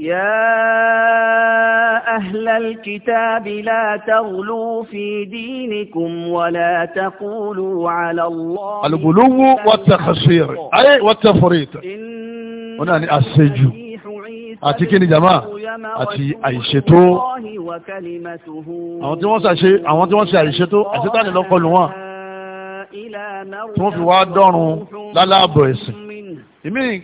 يا أهل الكتاب لا تغلوا في دينكم ولا تقولوا على الله الغلو والتخسير أي والتفريط هنا أنا أسجو àti kí ni jama àti àìṣètò àwọn tí wọ́n ṣàṣe àwọn tí wọ́n ṣe àìṣètò àṣetánilọ́kọlù wọn tí wọ́n fi wá dọ́rùn lálábọ̀ ẹ̀sìn فأمن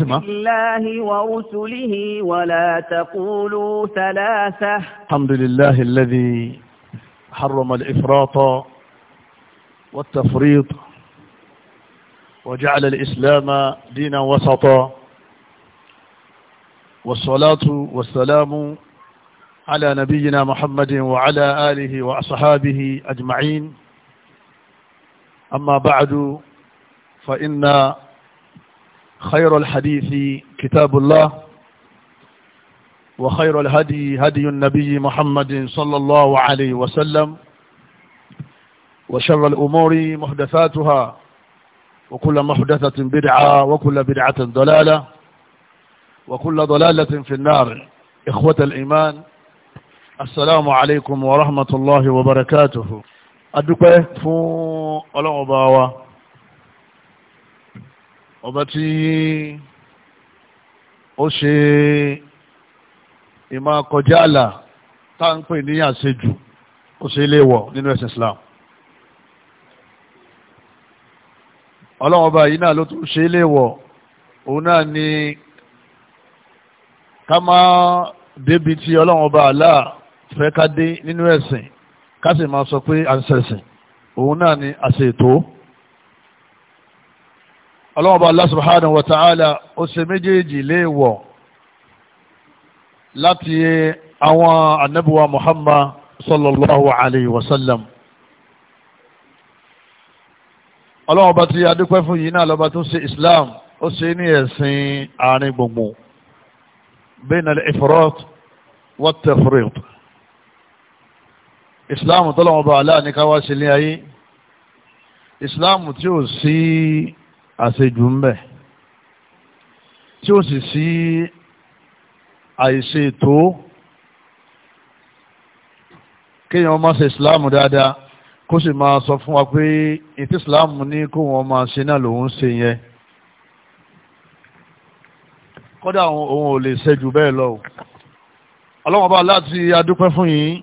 بالله ورسله ولا تقولوا ثلاثة الحمد لله الذي حرم الإفراط والتفريط وجعل الإسلام دينا وسطا والصلاة والسلام على نبينا محمد وعلى آله وأصحابه أجمعين أما بعد فإن خير الحديث كتاب الله وخير الهدي هدي النبي محمد صلى الله عليه وسلم وشر الأمور محدثاتها وكل محدثة بدعة وكل بدعة ضلالة وكل ضلالة في النار إخوة الإيمان السلام عليكم ورحمة الله وبركاته أدوك فو ألعبا ọba tí ó ṣe ìmọ̀ kọjá àlà tá à ń ní àṣejù ó ṣe ilé wọ̀ nínú ẹ̀sìn Islam ọlọ́run ọba yìí náà ló tún ṣe ilé wọ̀ òun náà ni ká má débi tí ọlọ́run ọba àlà fẹ́ ká dé nínú ẹ̀sìn ká sì máa sọ pé à ń ṣẹ̀sìn òun náà ni àṣetò ọlọ́wọ́n bá Allah subhanahu wa ta'ala ó ṣe méjèèjì léèwọ̀ láti àwọn anábíwá Muhammad sallallahu alayhi wa sallam ọlọ́wọ́n bá ti adúpẹ́ fún yìí náà lọ́ba tó ṣe Islam ó ṣe ní ẹ̀sìn àárín gbogbo bayna al-ifrat Islam tọ́lọ́wọ́n bá aláàníkáwá sílé ayé Islam tí ó sí. Si àṣejù ń bẹ tí ó sì sí àìṣe tó kéèyàn máa ṣe ìsìláàmù dáadáa kó sì máa sọ fún wa pé ètí ìsìláàmù ní kó wọn máa ṣe náà lòun ṣe yẹn kódà òun ò lè ṣẹ́jú bẹ́ẹ̀ lọ ọlọ́wọ́n bá láti adúpẹ́ fún yín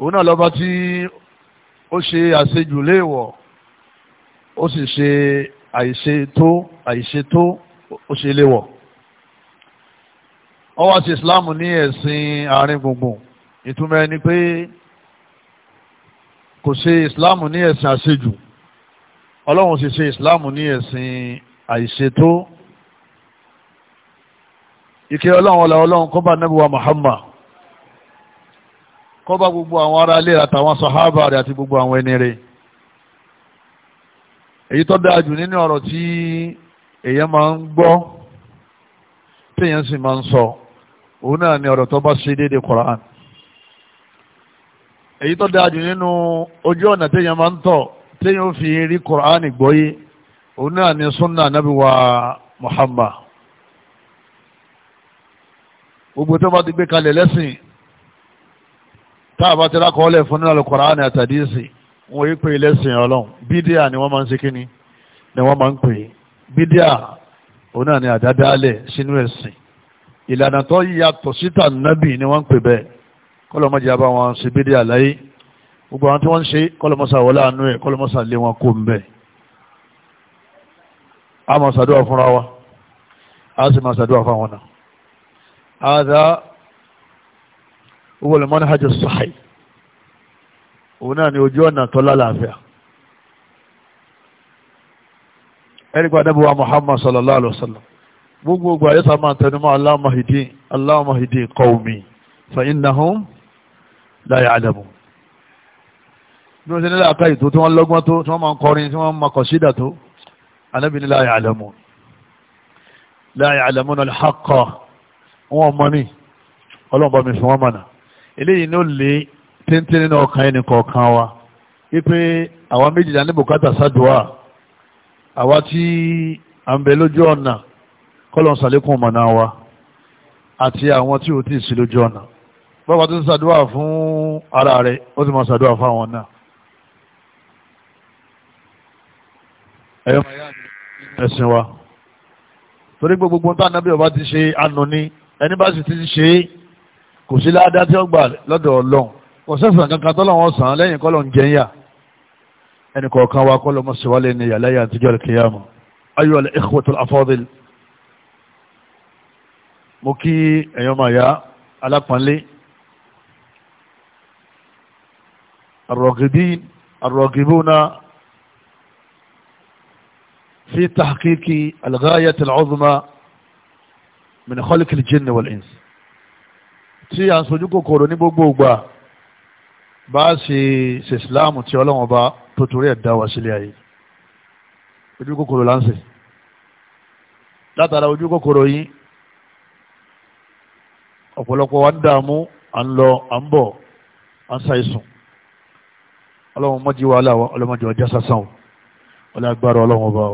òun náà lọ́ba tí ó ṣe àṣejù léèwọ̀ ó sì ṣe àìṣe tó àìṣe tó ó ṣe léwọ̀ ó wá sí islam ní ẹ̀sìn àárín gbùngbùn ìtumọ̀ ẹni pé kò ṣe islam ní ẹ̀sìn àṣejù ọlọ́run sì ṣe islam ní ẹ̀sìn àìṣe tó ìkẹ́ ọlọ́run ọlá ọlọ́run kó bá Muhammad kó bá gbogbo àwọn ará ilé àtàwọn sàhábà rẹ̀ àti gbogbo àwọn ẹni rẹ̀ èyí tó dáa jù nínú ọ̀rọ̀ tí èèyàn máa ń gbọ́ téèyàn sì máa ń sọ òun náà ni ọ̀rọ̀ tó bá ṣe déédéé Qur'an èyí tó dáa jù nínú ojú ọ̀nà téèyàn máa ń tọ̀ téèyàn ó fi rí Qur'an gbọ́yé òun náà ni sunna Ànábì wa Muhammad gbogbo tó bá ti gbé kalẹ̀ lẹ́sìn tá a bá ti rákọọ́lẹ̀ fún nínú Al-Qur'an àti hadisi wọ́n yí pé ẹlẹ́sìn ọlọ́run bídíà ni wọ́n máa ń ṣe kíni ni wọ́n máa ń pè bídíà òun náà ni àdádálẹ̀ sínú ẹ̀sìn ìlànà tó yàtọ̀ síta nábì ni wọ́n ń pè bẹ́ẹ̀ kọ́lọ́mọ́jì abá wọn ṣe bídíà láyé gbogbo àwọn tí wọ́n ń ṣe kọ́lọ́mọ́sà wọlé àánú ẹ̀ kọ́lọ́mọ́sà lé wọn kó ń bẹ̀ a máa ṣàdúrà fúnra wa a sì máa ṣàdúrà fáwọn náà هذا هو المنهج الصحيح òun náà ni ojú ọ̀nà tó lálàáfíà ẹ̀rígbà dábòwà Muhammad sallallahu alaihi wasallam gbogbo ogun ayẹta máa tẹnumọ́ Allahumma hidi Allahumma hidi qawmi fa innahum la ya'lamun bí wọ́n ti nílẹ̀ àká ìtò tí wọ́n lọ́gbọ́n tó tí wọ́n máa ń kọrin tí wọ́n máa kọ̀sídà tó anábì ni la ya'lamun la ya'lamuna al-haqqa wọn mọ́ ni mi fi wọ́n mọ̀nà eléyìí ni ó lè téńté nínú ọkàn ẹnì kọ̀ọ̀kan wa wípé àwa méjìlá ní bùkátà sádùá àwa tí à ń bẹ lójú ọ̀nà kọ́lọ̀ ṣàlékún mọ̀nà wa àti àwọn tí ò tí ì sí lójú ọ̀nà bàbá tó ń ṣàdúrà fún ara rẹ̀ ó sì máa ṣàdúrà fún àwọn náà. ẹ̀yọ́ ẹ̀sìn wa torí pé gbogbo tá ànábì ọba ti ṣe ànú ni ẹni bá sì ti ṣe kò sí ládàá tí ó gbà lọ́dọ̀ ọlọ́run kò sẹ́sàn kankan tọ́lọ̀ wọn sàn lẹ́yìn kọ́lọ̀ ń jẹ́yà ẹnì kọ̀ọ̀kan wa kọ́lọ̀ mọ́ síwálé ní yàlẹ́yà àtijọ́ alkiyama ayọ́ al-ikhwatul afadil mo kí ẹ̀yọ́ máa yá alápọ̀nlé الراغبين الراغبون في تحقيق الغاية العظمى من خلق الجن والإنس tí a sojú kòkòrò ní gbogbo ìgbà bá a ṣe ṣe ìsìláàmù tí ọlọ́wọ́n bá tó torí ẹ̀ dá wa sílé ayé ojú kòkòrò láǹṣẹ̀ látara ojú kòkòrò yìí ọ̀pọ̀lọpọ̀ wa ń dààmú à ń lọ à ń bọ̀ à ń ṣàìsùn ọlọ́wọ́n mọ́jí wa jasa ọlọ́mọdé ọjà sásán o ọlọ́gbàrá ọlọ́wọ́n wa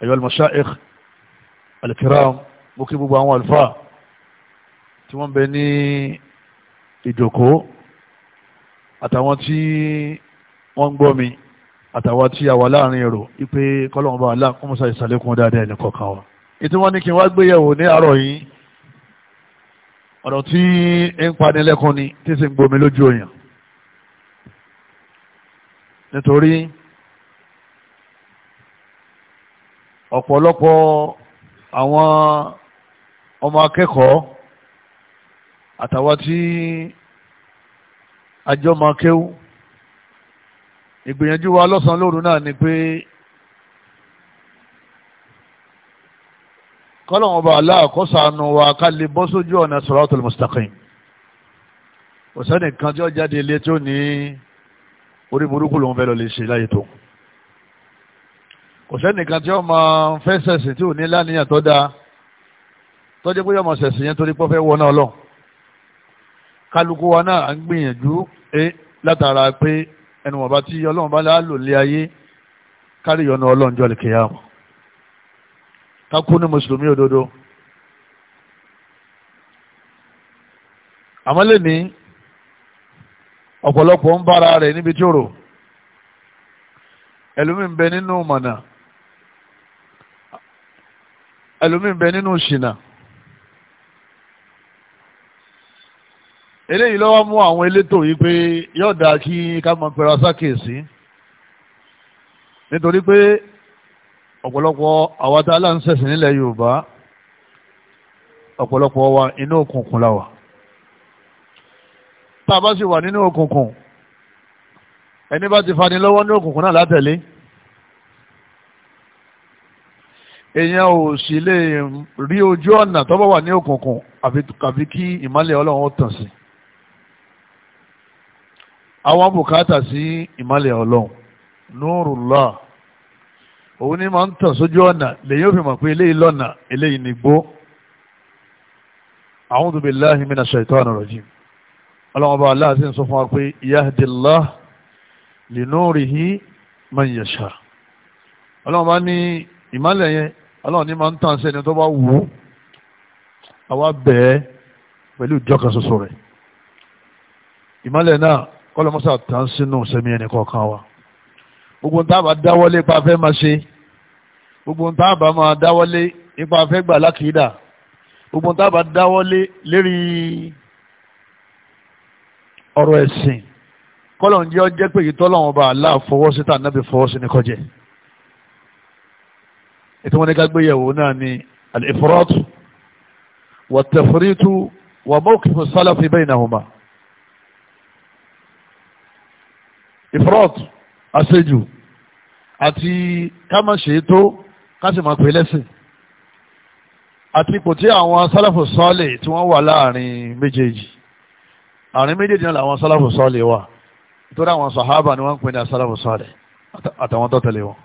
ẹ̀yọ́ al-mashayikh al-kiram mú kí gbogbo àwọn ìjòkó àtàwọn tí wọ́n ń gbọ́ mi àtàwọn tí a wà láàrin èrò ipe kọ́lọ́mọba aláàkúnmọ́sá ìsàlẹ̀kùn dáadáa ẹnì kọ̀ọ̀kan wa. ètò wọn ní kí n wá gbéyẹ̀wò ní àárọ̀ yìí ọ̀rọ̀ tí ń panilẹ́kùn ni tí sì ń gbomi lójú òyàn nítorí ọ̀pọ̀lọpọ̀ àwọn ọmọ akẹ́kọ̀ọ́ àtàwọn tí àjọ máa kéwú ìgbìyànjú wa lọ́sàn lóru náà ni pé kọ́lọ̀wọ̀n bá aláàkọ́sànù wa ká lè bọ́ sójú ọ̀nà siratul mustaqim òsẹ́nì kan tí ó jáde ilé tí ó ní orí burúkú lòun fẹ́ lọ lè ṣe láyé tó òsẹ́nì kan tí ó máa fẹ́ sẹ̀sìn tí ò ní láníyàn tó dáa tọ́jú pé yọmọ sẹ̀sìn yẹn torí pé wọ náà lọ́wọ́ kálukú wa náà à ń gbìyànjú eh, látara pé ẹnu wọn tí ọlọ́run bá lálò lé ayé kárí ìyọnu ọlọ́run jọ lè kéya wọn kákú ní mùsùlùmí òdodo àmọ́ lè ní ọ̀pọ̀lọpọ̀ ń bára rẹ̀ eléyìí lọ́wọ́ mú àwọn elétò yìí pé yóò dáa kí ká mọ pẹ̀lú asákèésí nítorí pé ọ̀pọ̀lọpọ̀ àwa tá a lá nílẹ̀ Yorùbá ọ̀pọ̀lọpọ̀ wa inú òkùnkùn la wà tá a bá sì wà nínú òkùnkùn ẹni bá ti fani lọ́wọ́ ní òkùnkùn náà látẹ̀lé èèyàn ò sì lè rí ojú ọ̀nà tó bá wà ní òkùnkùn àfi kí ìmọ́lẹ̀ Ọlọ́run ó tàn sí i. àwọn bùkátà sí ìmọ̀lẹ̀ ọlọ́run nurullah òun ni ma ń tàn sójú ọ̀nà lèyìn òfin mọ̀ pé eléyìí lọ́nà eléyìí nìgbó billahi minash shaitani rajim ọlọ́mọba aláàtí ń sọ fún wa pé yahdillah linurihi man yasha ọlọ́mọba ní ìmọ̀lẹ̀ yẹn ọlọ́run ní máa ń tàn sẹ́ni tó bá wù ú àwa bẹ̀ẹ́ pẹ̀lú ìjọkan ṣoṣo rẹ̀ kọ́lọ́mọ́sà tán sínú sẹ́mi ẹnì kọ̀ọ̀kan wa gbogbo nta bá dáwọ́lé ipa fẹ́ máa ṣe gbogbo nta bá máa dáwọ́lé ipa fẹ́ gbà lákìídà gbogbo nta bá dáwọ́lé lérí ọ̀rọ̀ ẹ̀sìn kọ́lọ̀ ń pé ìtọ́ lọ́wọ́n bá Allah fọwọ́ sí tàn nábì fọwọ́ sí ní kọjẹ́ ètò wọn ní ká gbéyẹ̀wò náà ni al-ifrat wa at-tafrit wa mawqif as-salaf baynahuma. ìfrọ́t àṣejù àti ká má ṣe é tó ká sì máa pè lẹ́sìn àti ipò tí àwọn sálàfù sọ́ọ̀lẹ̀ tí wọ́n wà láàrin méjèèjì àárín méjèèjì náà làwọn sálàfù sọ́ọ̀lẹ̀ wà nítorí àwọn sàhábà ni wọ́n ń pè ní sálàfù sọ́ọ̀lẹ̀ àtàwọn tó wọn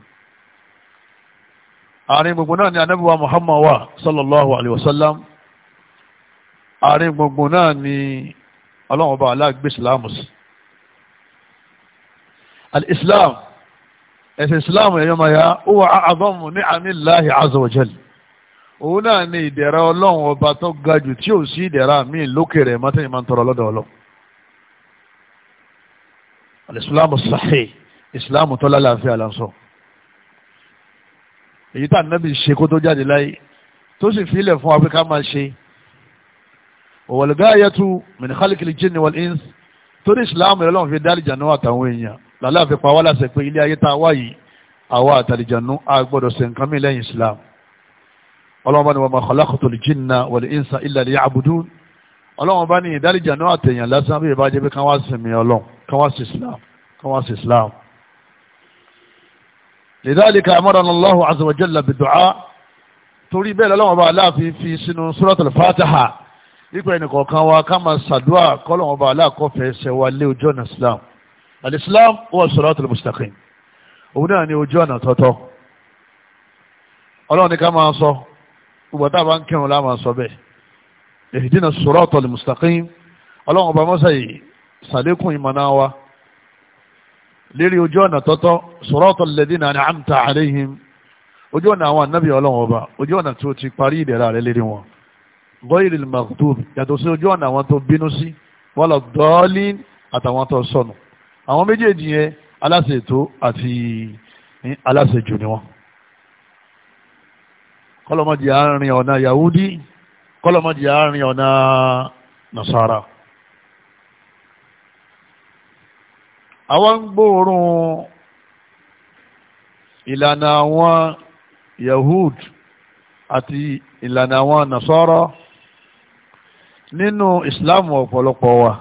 àárín gbogbo náà ni anábíwá muhammad wa sallallahu alaihi wasallam àárín gbogbo náà ni ọlọ́run ọba aláàgbé ìsìlámù sí al-islam ẹ̀sìn islam ẹ̀yọ́ máa yá ó wà àbọ̀mù ní àmìláhi azọ̀jẹ̀lì òun náà ni ìdẹ̀ra ọlọ́run ọba tó ga jù tí ò sí ìdẹ̀ra míì lókè rẹ̀ mọ́tẹ́yìn máa ń tọrọ lọ́dọ̀ ọlọ́ alìsílámù sahih ìsìlámù tó lálàáfíà lásán èyí tá nábì ṣe kó tó jáde láyé tó sì fílẹ̀ fún afirika máa ṣe wal gayatu min khalqil jinni wal ins torí ìsìlámù ìrọ̀lọ́run fi dálìjà náà àtàwọn èèyàn lálẹ́ àfipá wá láṣẹ pé ilé ayé tá a wá yìí àwa àtàlìjànú a gbọ́dọ̀ ṣe nǹkan mi lẹ́yìn Islam ọlọ́run bá ní wa ma khalaqtul jinna wal insa illa liya'budun ọlọ́run bá ní ìdálìjànú àtẹ̀yàn lásán bí ìbá jẹ́ pé káwá sinmi ọlọ́run káwá sí Islam káwá sí Islam. lidhalika amarana Allahu azza wa jalla bid-du'a torí bẹ́ẹ̀ lọ́wọ́ bá aláàfin fi sínú suratul Fatiha nípa ẹnìkọ̀ọ̀kan wa ká máa ṣàdúrà aláàkọ́fẹ́ ṣẹ̀wá lé ojú ọ̀nà Islam al-islam huwa as-siratul mustaqim òun náà ni ojú ọ̀nà tọ́tọ́ ọlọ́run ní ká máa sọ gbogbo tá a bá ń kírun lá máa sọ bẹ́ẹ̀ ihdina as-siratal mustaqim ọlọ́run ọba mọ́sá yìí sàlékún ìmọ̀nà wa lérí ojú ọ̀nà tọ́tọ́ siratal ladina an'amta alayhim ojú ọ̀nà àwọn ànábì ọlọ́run ọba ojú ọ̀nà tó ti parí ìdẹ̀ra rẹ̀ lérí wọn ghayril maghdub yàtọ̀ sí ojú ọ̀nà àwọn tó bínú sí wala ddallin àtàwọn tó sọnù àwọn méjèèjì yẹn aláṣẹ ètò àti aláṣẹ jù ni wọn kọlọmọdì àárín ọ̀nà Yahudi kọlọmọdì àárín ọ̀nà Nasara àwọn ń gbóòórùn ìlànà àwọn Yahud àti ìlànà àwọn Nasara nínú Islam ọ̀pọ̀lọpọ̀ wa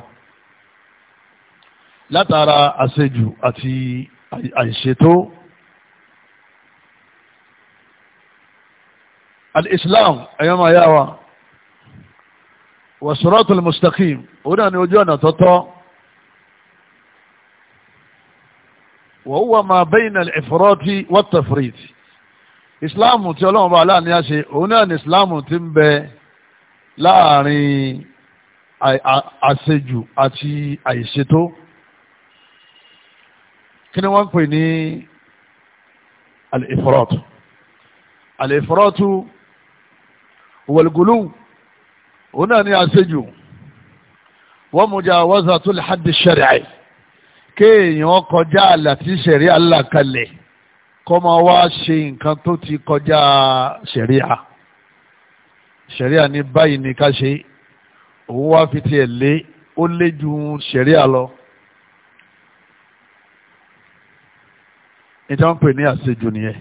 látara àṣejù àti àìṣètò al-islam ẹ̀yọ́ máa yá wa wasiratul mustaqim òun náà ni ojú ọ̀nà tọ́tọ́ wa huwa ma bayna al-ifrati wat-tafriti islam tí ọlọ́run bá aláàní á ṣe òun náà ni islam ti ń bẹ láàrin àṣejù àti àìṣètò kí ni wọ́n ń pè ní al-ifrat al-ifrat wal-gulu òun náà ni àṣejù wa mujawazatul hadd ash-shar'i kéèyàn kọjá àlà tí ṣẹ̀rí alákalẹ̀ kọ́ wá ṣe nǹkan tó ti kọjá ṣẹ̀ríà ṣẹ̀ríà ní báyìí ni ká ṣe òun wá fi tiẹ̀ lé ó lé ju ṣẹ̀ríà lọ níta ń pè ní àṣejù nìyẹn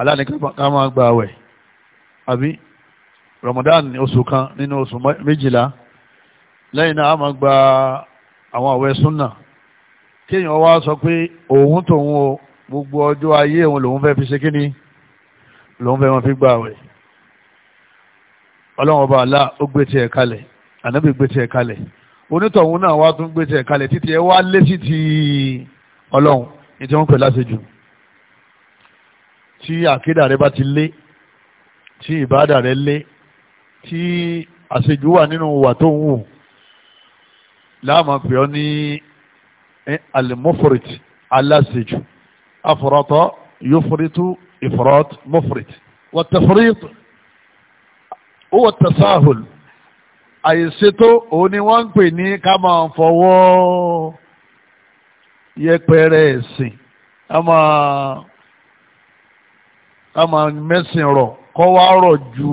aláàní ká máa gba àwẹ̀ àbí Ramadan oṣù kan nínú oṣù méjìlá lẹ́yìn náà a máa gba àwọn àwẹ̀ súnà kéèyàn wá sọ pé òun tòun o gbogbo ọjọ́ ayé òun lòun fẹ́ fi ṣe kí ni lòun fẹ́ wọn fi gba àwẹ̀ ọlọ́run ọba àlá ó gbé tiẹ̀ kalẹ̀ ànábì gbé tiẹ̀ kalẹ̀ onítọ̀hún náà wá tún gbé tiẹ̀ kalẹ̀ títí ẹ wá lé sí ti ọlọ́run ní tí wọ́n pè láṣejù tí àkídà rẹ bá ti lé tí ìbáàdà rẹ lé tí àṣejù wà nínú wà tó ń wù láàmà pè ọ́ ní alimoforit aláṣejù afọ̀rọ̀tọ̀ yoforitu ifrat moforit wàtẹ̀forit ó àyèsètò òun ni wọ́n pè ní ká yẹpẹrẹ ẹ̀sìn a ama, a máa mẹ́sìn rọ̀ kọ́ wá rọ̀ ju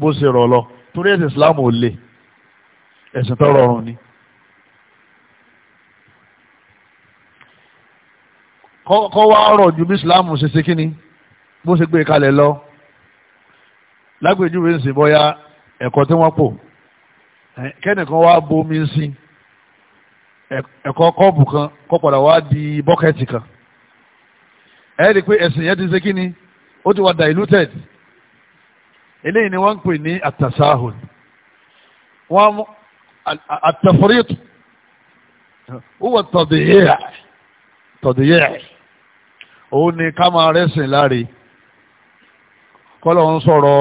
bó ṣe rọ̀ lọ torí ẹ̀sìn Islam ò le ẹ̀sìn tó rọrùn ni. kọ́ wá rọ̀ ju bí Islam ṣe ṣe kí ni bó ṣe gbé e kalẹ̀ lọ lágbèjúwe ń sìn bọ́yá ẹ̀kọ́ tí wọ́n pò kẹ́nìkan wá bomi sí i ẹ̀kọ́ kọ́ọ̀bù kan kọ́ padà wá di bọ́kẹ́tì kan ẹ rí i pé ẹ̀sìn yẹn ti ṣe kí ni ó ti wà diluted eléyìí ni wọ́n ń pè ní àtàsáhùn wọ́n mú ó wọ tọ̀dìyẹ́ tọ̀dìyẹ́ òun ni ká máa rẹ́sìn láre kọ́lọ̀ ń sọ̀rọ̀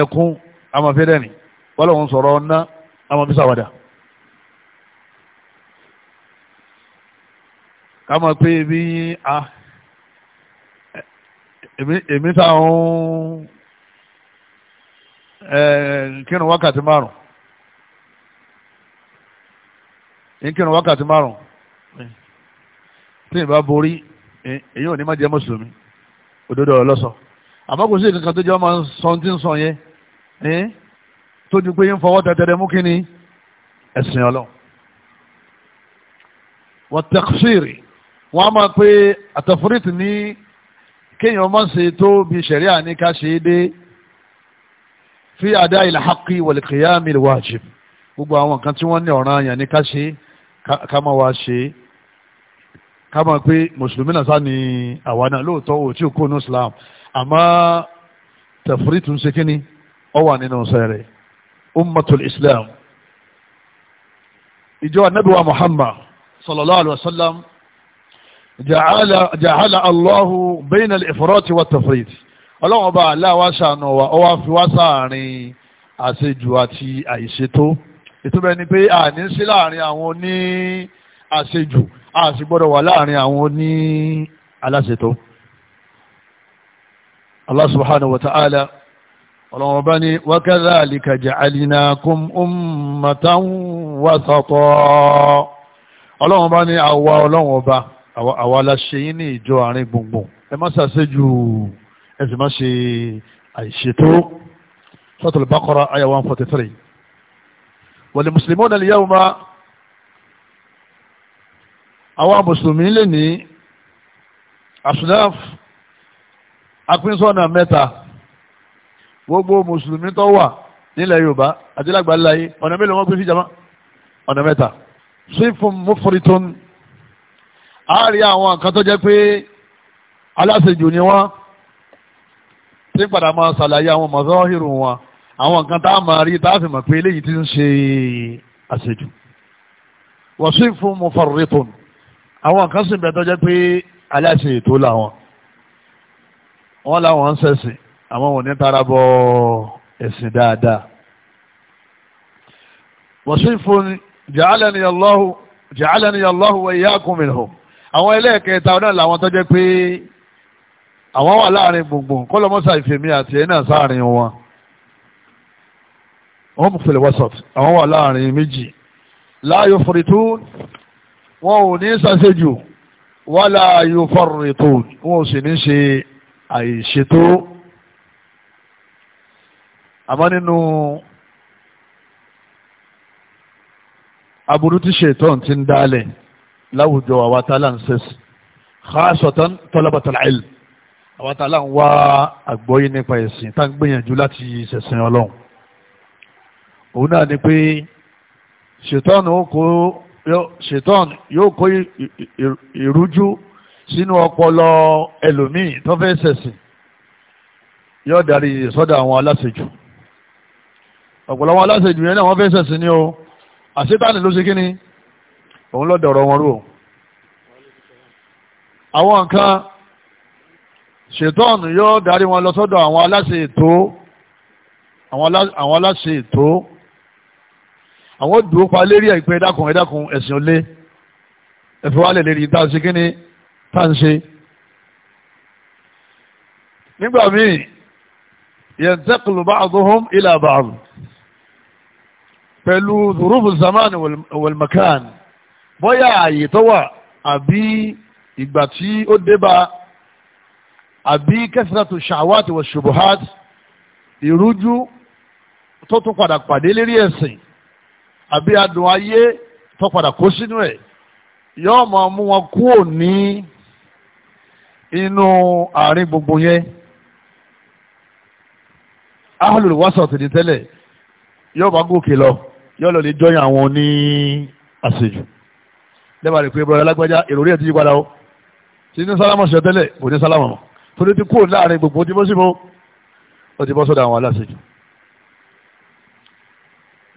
ẹkún amọ̀fẹ́dẹ́ni kọ́lọ̀ ń sọ̀rọ̀ ọ̀nà amọ̀fẹ́sàwádà. ká mọ̀ pé bí a èmi táwọn kírun wákàtí márùn ń kírun wákàtí márùn tí ìbá borí èyí ò ní má jẹ́ mùsùlùmí òdodo ọlọ́sọ àmọ́ kò sí ìkankan tó jẹ́ ọmọ sọ́n tí ń sọ yẹn tó ju pé ń fọwọ́ tẹ̀tẹ̀rẹ̀ mú kí ni ẹ̀sìn ọlọ́run wọ́n tẹ̀kṣírì wọ́n á máa pé àtọ̀fúrìtì ní kéèyàn má ṣe tó bí ṣẹ̀ríà ní ká ṣe é dé fi àdá ilẹ̀ haqqi wal qiyam al wajib gbogbo àwọn nǹkan tí wọ́n ní ọ̀ràn àyàn ní ká ṣe ká máa wá ṣe ká máa pé mùsùlùmí náà sáà ní àwa náà lóòótọ́ ò tí ò kó ní islam àmọ́ tẹ̀fúrìtì ń ṣe kíni ọ wà nínú sẹ́rẹ̀ ummatul islam ìjọ anabiwa muhammad sallallahu alayhi wa sallam جعل جعل الله بين wà tafrit ọlọ́run ọba aláwa ṣàánú wa ọwá fi wá sáàrin àṣejù àti àìṣètò ìtumọ̀ ni pé àní sí láàrin àwọn oní àṣejù a sì gbọ́dọ̀ wà láàrin àwọn oní aláṣetò Allah subhanahu wa ta'ala ọlọ́run ọba ni wa kadhalika ja'alnakum ummatan wasata ọlọ́run ọba ni àwa ọlọ́run ọba àwa la ṣe yín ní ìjọ àárín gbùngbùn ẹ má ṣàṣejù ẹ sì má ṣe àìṣètò sọ́tòlù bákọ́rọ́ àyà one forty three wọ̀lẹ̀ mùsùlùmí ọ̀nà lè yàwó ma àwa mùsùlùmí lè ní àṣùnáf apínsọ́nà mẹ́ta gbogbo mùsùlùmí tó wà nílẹ̀ yorùbá àti lágbàá ọ̀nà mélòó wọ́n gbé sí jama ọ̀nà mẹ́ta sífún mufritun a rí àwọn nǹkan tó jẹ́ pé aláṣejù ni wọ́n tí padà máa ṣàlàyé àwọn mọ̀sọ́hìrù wọn àwọn nǹkan tá a máa rí tá a fi mọ̀ pé eléyìí ti ń ṣe àṣejù wọ́n sì fún mu farritun àwọn nǹkan sì bẹ̀ tó jẹ́ pé aláṣe ètò làwọn wọ́n làwọn ń ṣẹ̀sìn àwọn ò ní tara bọ ẹ̀sìn dáadáa wọ́n sì fún ja'alani Allahu ja'alani Allahu wa iyyakum minhum àwọn ẹlẹ́ẹ̀kẹta náà làwọn tó jẹ́ pé àwọn wà láàrin gbùngbùn kọ́lọ́mọ́sà ìfèmí àti ẹ̀ náà sáàrin wọn wọ́n mú fèlè wọ́sọ̀t àwọn wà láàrin méjì láàyò fòrìtú wọn ò ní sàṣejù wà láàyò fòrìtú wọn ò sì ní ṣe àìṣètò àmọ́ nínú aburú tí ṣètò ti ń dálẹ̀ láwùjọ àwa tá a là ń sẹ́sì khasatan talabatul ilm àwa tá a là ń wá àgbọ́yé nípa ẹ̀sìn tá a ń gbìyànjú láti ṣẹ̀sìn ọlọ́run òun náà ni pé ṣètọ́nù kó ṣètọ́nù yóò kó ìrújú sínú ọpọlọ ẹlòmíì tó fẹ́ ṣẹ̀sìn yóò darí sọ́dọ̀ àwọn aláṣejù ọ̀pọ̀lọpọ̀ aláṣejù yẹn náà wọ́n fẹ́ ṣẹ̀sìn ni o àṣetánì ló ṣe kí ni òun lọ́dọ̀ ọ̀rọ̀ wọn rò àwọn nǹkan ṣètọ́ọ̀nù yóò darí wọn lọ sọ́dọ̀ àwọn aláṣẹ ètò àwọn aláṣẹ ètò àwọn dùn pa lérí ẹ̀pẹ́ ẹ̀dákun ẹ̀dákun ẹ̀sìn olé ẹ̀fẹ́ wálẹ̀ lérí táǹṣe kí ni táǹṣe nígbà míì yẹ̀ntẹ́kùlù ba'duhum ila ba'd pẹ̀lú zurufu zamani wal bóyá ààyè tó wà àbí ìgbà tí ó débà àbí kẹsìlátù ṣàwátì wà ṣubuhat ìrújú tó tún padà pàdé lérí ẹ̀sìn àbí adùn ayé tó padà kó sínú ẹ̀ yóò máa mú wọn kúrò ní inú àárín gbogbo yẹn ahlul wasat ní bá gòkè lọ yóò lọ lè jọyìn àwọn ní àṣejù lẹ́bàá rẹ̀ pé bọ́lá alágbájá ìròrí ẹ̀ ti yí padà o ti ní sálámà ṣe tẹ́lẹ̀ kò ní sálámà mọ́ torí ti kúrò láàrin gbogbo tí bó sì mú ó ti bọ́ sọ́dọ̀ àwọn aláṣejù.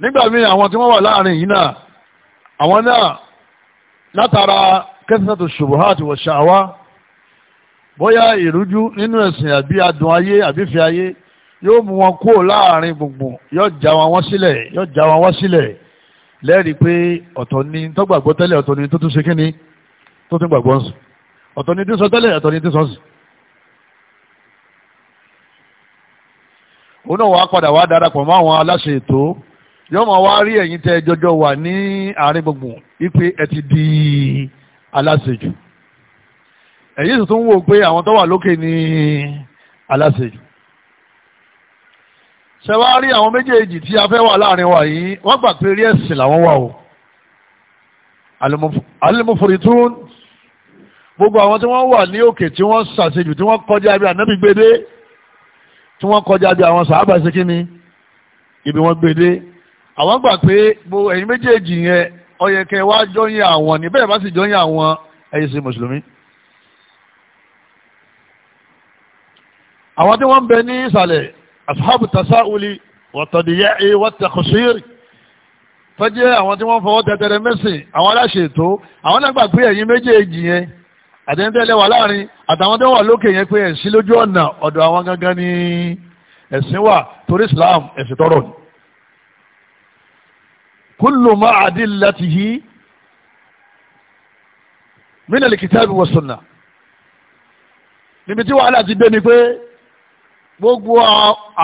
nígbà míì àwọn tí wọ́n wà láàrin yìí náà àwọn náà látara kẹsàn-án tó ṣubuhat wa ṣàwá bóyá ìrújú nínú ẹ̀sìn àbí adùn ayé àbí fi ayé yóò mú wọn kúrò láàrin gbogbo yóò já wọn wá sílẹ̀ yóò já wọn wá sílẹ̀ lẹ́rìí pé ọ̀tọ̀ ni tó gbàgbọ́ tẹ́lẹ̀ ọ̀tọ̀ ni tó tún ṣe kíni tó tún gbàgbọ́ ń sùn ọ̀tọ̀ ni tí sọ tẹ́lẹ̀ ọ̀tọ̀ ni tí sọ sùn. òun náà wàá padà wàá darapọ̀ mọ́ àwọn aláṣẹ ètò yóò máa wá rí ẹ̀yin tẹ́ jọjọ wà ní àárín gbùngbùn ipe ẹ ti di aláṣejù ẹ̀yin sì tún wò pé àwọn tó wà lókè ní aláṣejù ṣe wá rí àwọn méjèèjì tí a fẹ́ wà láàrin wa yìí wọ́n gbà pé rí ẹ̀sìn làwọn wà o alimufuritun gbogbo àwọn tí wọ́n wà ní òkè tí wọ́n ṣàṣejù tí wọ́n kọjá bí ànábì gbédé tí wọ́n kọjá bí àwọn sàábà ṣe kí ni ibi wọ́n gbédé àwọn gbà pé gbogbo ẹ̀yin méjèèjì yẹn ó yẹ jọyìn àwọn ní bẹ́ẹ̀ bá sì jọyìn àwọn ẹ̀yin sí mùsùlùmí. àwọn tí wọ́n ń bẹ ní ìsàlẹ̀ أصحاب tasauli wàtọ̀dìyẹ́ wàtẹ̀kọ̀sírì tó jẹ́ àwọn tí wọ́n fọwọ́ tẹ̀tẹ̀rẹ̀ mẹ́sìn àwọn aláṣẹ ètò àwọn náà gbà pé ẹ̀yin méjèèjì yẹn àtẹ̀yìntẹ́lẹ̀ wà láàrin àtàwọn tó wà lókè yẹn pé ẹ̀sìn lójú ọ̀nà ọ̀dọ̀ àwọn gangan ni ẹ̀sìn wà torí Islam ẹ̀sìn tọrọ ni. kullu ma adillatihi min al-kitabi wa sunnah níbi tí wàhálà ti dé ni pé gbogbo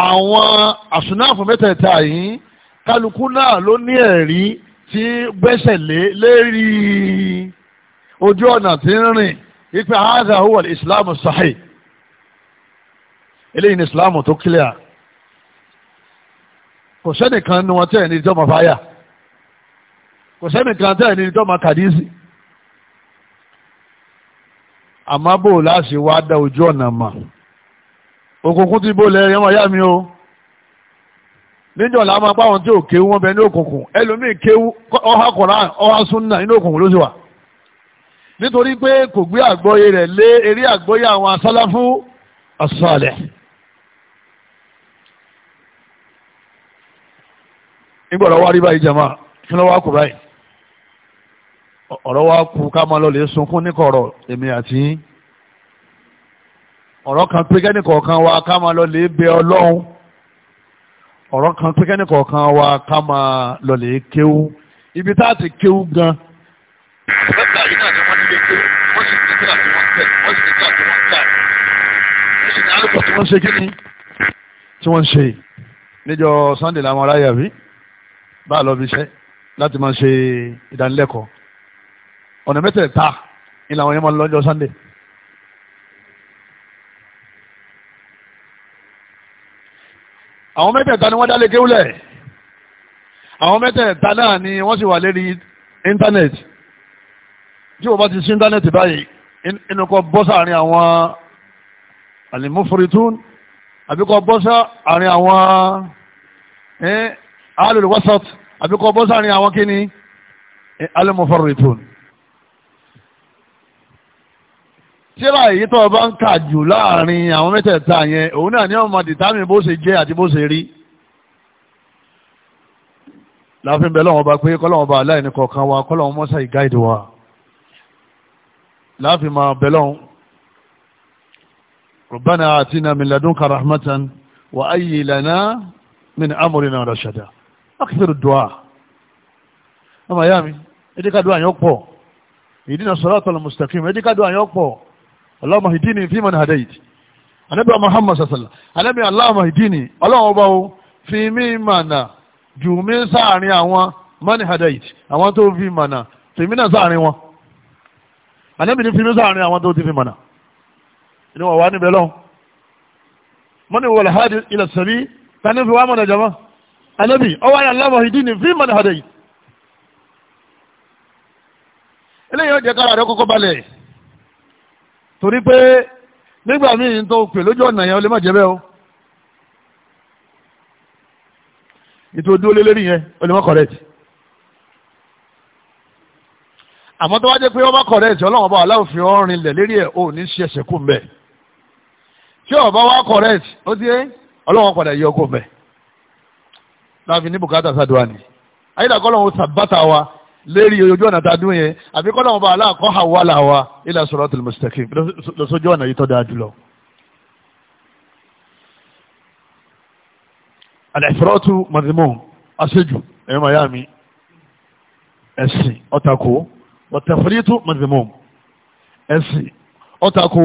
àwọn àsùnáàfù mẹ́tẹ̀ẹ̀ta yìí kálukú náà ló ní ẹ̀rí tí gbẹ́sẹ̀ lé lérí ojú ọ̀nà tí ń rìn ipe haza huwa islam sahih eléyìí ni islam tó clear kò sẹ́nìkan ni wọ́n tẹ̀ ní ìjọba fáyà kò sẹ́nìkan tẹ̀ ní ìjọba kàdísì àmọ́ láti wá dá ojú ọ̀nà mọ̀ òkùnkùn ti bó lẹ ẹyọmọ ìyá mi o níjọ làá máa bá àwọn tí ò kéwú wọn bẹ ní òkùnkùn ẹlòmíì kéwú ọha kọ̀ọ̀rán ọha súnà nínú òkùnkùn ló sì wà nítorí pé kò gbé àgbọ́yé rẹ̀ lé eré àgbọ́yé àwọn asálàfù asálẹ̀. nígbà ọ̀rọ̀ wa rí báyìí jẹ̀mọ́ kí ló wá kú báyìí ọ̀rọ̀ wa kú ká máa lọ lè sunkún níkọ̀ọ̀rọ̀ èmi àti yín ọ̀rọ̀ kan pé kẹ́ni kọ̀ọ̀kan wa ká máa lọ lè bẹ ọlọ́run ọ̀rọ̀ kan pé kẹ́ni kọ̀ọ̀kan wa ká máa lọ lè kéwú ibi tá a ti kéwú gan. ọ̀gá yìí náà ni wọ́n ti lè kéwú wọ́n sì ti kí àti wọ́n tẹ̀ wọ́n sì ti kí àti wọ́n tà wọ́n sì ní alùpùpù tí wọ́n ṣe kí ni tí wọ́n ṣe níjọ Sunday làwọn aráyà rí bá a lọ fi iṣẹ́ láti máa ṣe ìdánilẹ́kọ̀ọ́ ọ̀nà mẹ́tẹ̀ẹ̀ta ni làwọn yẹn máa lọ́jọ́ Sunday. àwọn mẹ́tẹ̀ẹ̀ta ni wọ́n dá lé kéwúlẹ̀ àwọn mẹ́tẹ̀ẹ̀ta náà ni wọ́n sì wà lérí íńtánẹ́ẹ̀tì tí wọ́n bá ti sí íńtánẹ́ẹ̀tì báyìí inú kọ́ bọ́ sáàrin àwọn àlìmúfuritún àbí bọ́ sáàrin àwọn eh, alùlùwọ́sọ̀t àbí bọ́ sáàrin àwọn kíni eh, alìmúfuritún. tíra èyí tó bá ń kà jù láàrin àwọn mẹ́tẹ̀ẹ̀ta yẹn òun náà ní ọmọ dìtámì bó ṣe jẹ́ àti bó ṣe rí láàfin bẹ́ẹ̀ lọ́wọ́ bá pé kọ́lọ́wọ́ bá aláìní kọ̀ọ̀kan wa kọ́lọ́wọ́ mọ́sá ìgáìdì wa láàfin máa bẹ́ẹ̀ lọ́wọ́ rọ̀bánà àti iná min ladunka rahmatan wa ayyi lana min amrina rashada akthir du'a ọmọ ìyá mi ẹ̀díkàdúrà yẹn pọ̀ ìdínà siratal mustaqim ẹ̀díkàdúrà Allahumma hdini fi man hadait anabi muhammad sallallahu anabi Allahumma hdini ọlọ́run ọba o fi mí mànà jù mí sáàrin àwọn man hadait àwọn tó fi mànà fi mí náà sáàrin wọn anabi ní fi mí sáàrin àwọn tó ti fi mànà inú wọn wá níbẹ̀ lọ́wọ́ mọ́ni wọlé hadi ilẹ̀ sẹ́bí tani fi wá mọ̀nà jama anabi ọwọ́ ayé Allahumma hdini fi man hadait eléyìí ó jẹ́ kára rẹ̀ kọ́kọ́ balẹ̀ yìí torí pé nígbà míì tó pè lójú ọ̀nà yẹn ó lè má jẹ́ bẹ́ẹ̀ o ètò ojú olé lérí yẹn ó lè má correct àmọ́ tó wá jẹ́ pé ó má correct ọlọ́run ọba aláwọ̀ fi ọ̀rìn lẹ̀ lérí ẹ̀ ò ní ṣe ẹ̀ṣẹ̀ kù mbẹ̀ tí ọba wá correct ó ti ọlọ́run padà yọ kù mbẹ̀ láàfin ní bùkátà sàdúrà ni ayédàkọ́ ọlọ́run sàbátà wa lérí ojú ọ̀nà tàdún yẹn àbí kọ́ lọ́wọ́ bá aláàkọ́ àwa làwa ila siratul mustaqim lọ́sọ́jọ́ ọ̀nà yìí tó dáa jùlọ. àdàfẹ́rọ́tù mọ̀tìmọ̀ aṣejù ẹ̀yọ́ màyá mi ẹ̀sìn ọ̀tàkó ọ̀tàfẹ́rẹ́tù mọ̀tìmọ̀ ẹ̀sìn ọ̀tàkó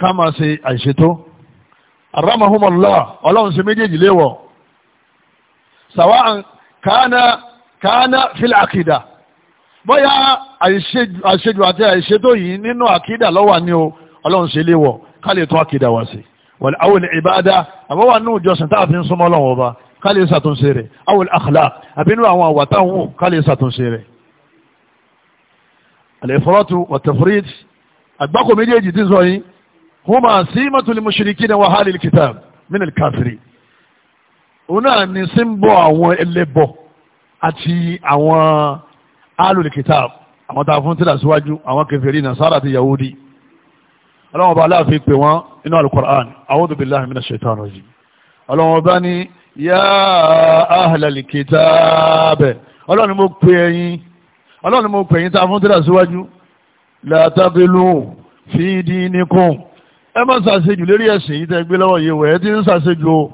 ká máa ṣe àìṣètò aramahumala ọlọ́run ṣe méjèèjì fil aqida bóyá àṣejù àti àṣetò yìí nínú àkídà lọ́wà ni o ọlọ́run ṣe léwọ̀ ká lè tún àkídà wá sí wal awul ibada àbọ̀wà ní ìjọsìn tá a fi ń súnmọ́ ọlọ́run ọba ká lè ṣàtúnṣe rẹ̀ awul akhlaq àbínú àwọn àwà táwọn ká lè ṣàtúnṣe rẹ̀. al-ifratu wa tafrit àgbákò méjèèjì tí sọ yìí huma simatu lil mushrikina wa alul kitab àwọn tá a fún tíra síwájú àwọn kèfèrí nasara àti yahudi ọlọ́wọ́n bá aláàfin pè wọ́n inú alukur'an a'udhu billahi minash shaitan rajim ọlọ́wọ́n bá ní yá ahlal kitab ọlọ́run ni mo pè ẹ̀yin ọlọ́run ni mo pè ẹ̀yin tá a fún tíra síwájú la taghlu fi ẹ má ṣàṣejù lérí ẹ̀sìn yìí tẹ́ gbé lọ́wọ́ yìí wẹ̀ ẹ́ ti ń ṣàṣejù o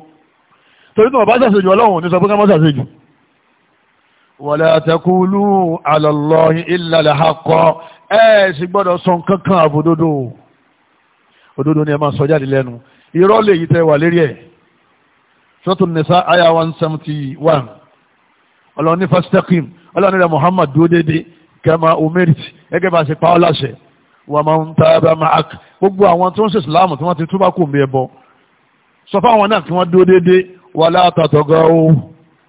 torí tí wọ́n bá ṣàṣejù ọlọ́run sọ wala taqulu ala Allahi illa al-haqq ẹ sì gbọ́dọ̀ sọ nǹkan kan àbòdodo òdodo ni ẹ máa sọ jáde lẹ́nu irọ́ lè yí tẹ́ wà lérí ẹ̀ Suratul Nisa aya one seventy one ọlọ́ni fastaqim ọlọ́ni rẹ̀ Muhammad dúró dédé kama umirt gẹ́gẹ́ bá a ṣe pa ọ́ láṣẹ wa man taba ma'ak gbogbo àwọn tó ń ṣe ìsìláàmù tí wọ́n ti túbà kò mí ẹ bọ́ sọ fún náà kí wọ́n dúró dédé wala tatagaw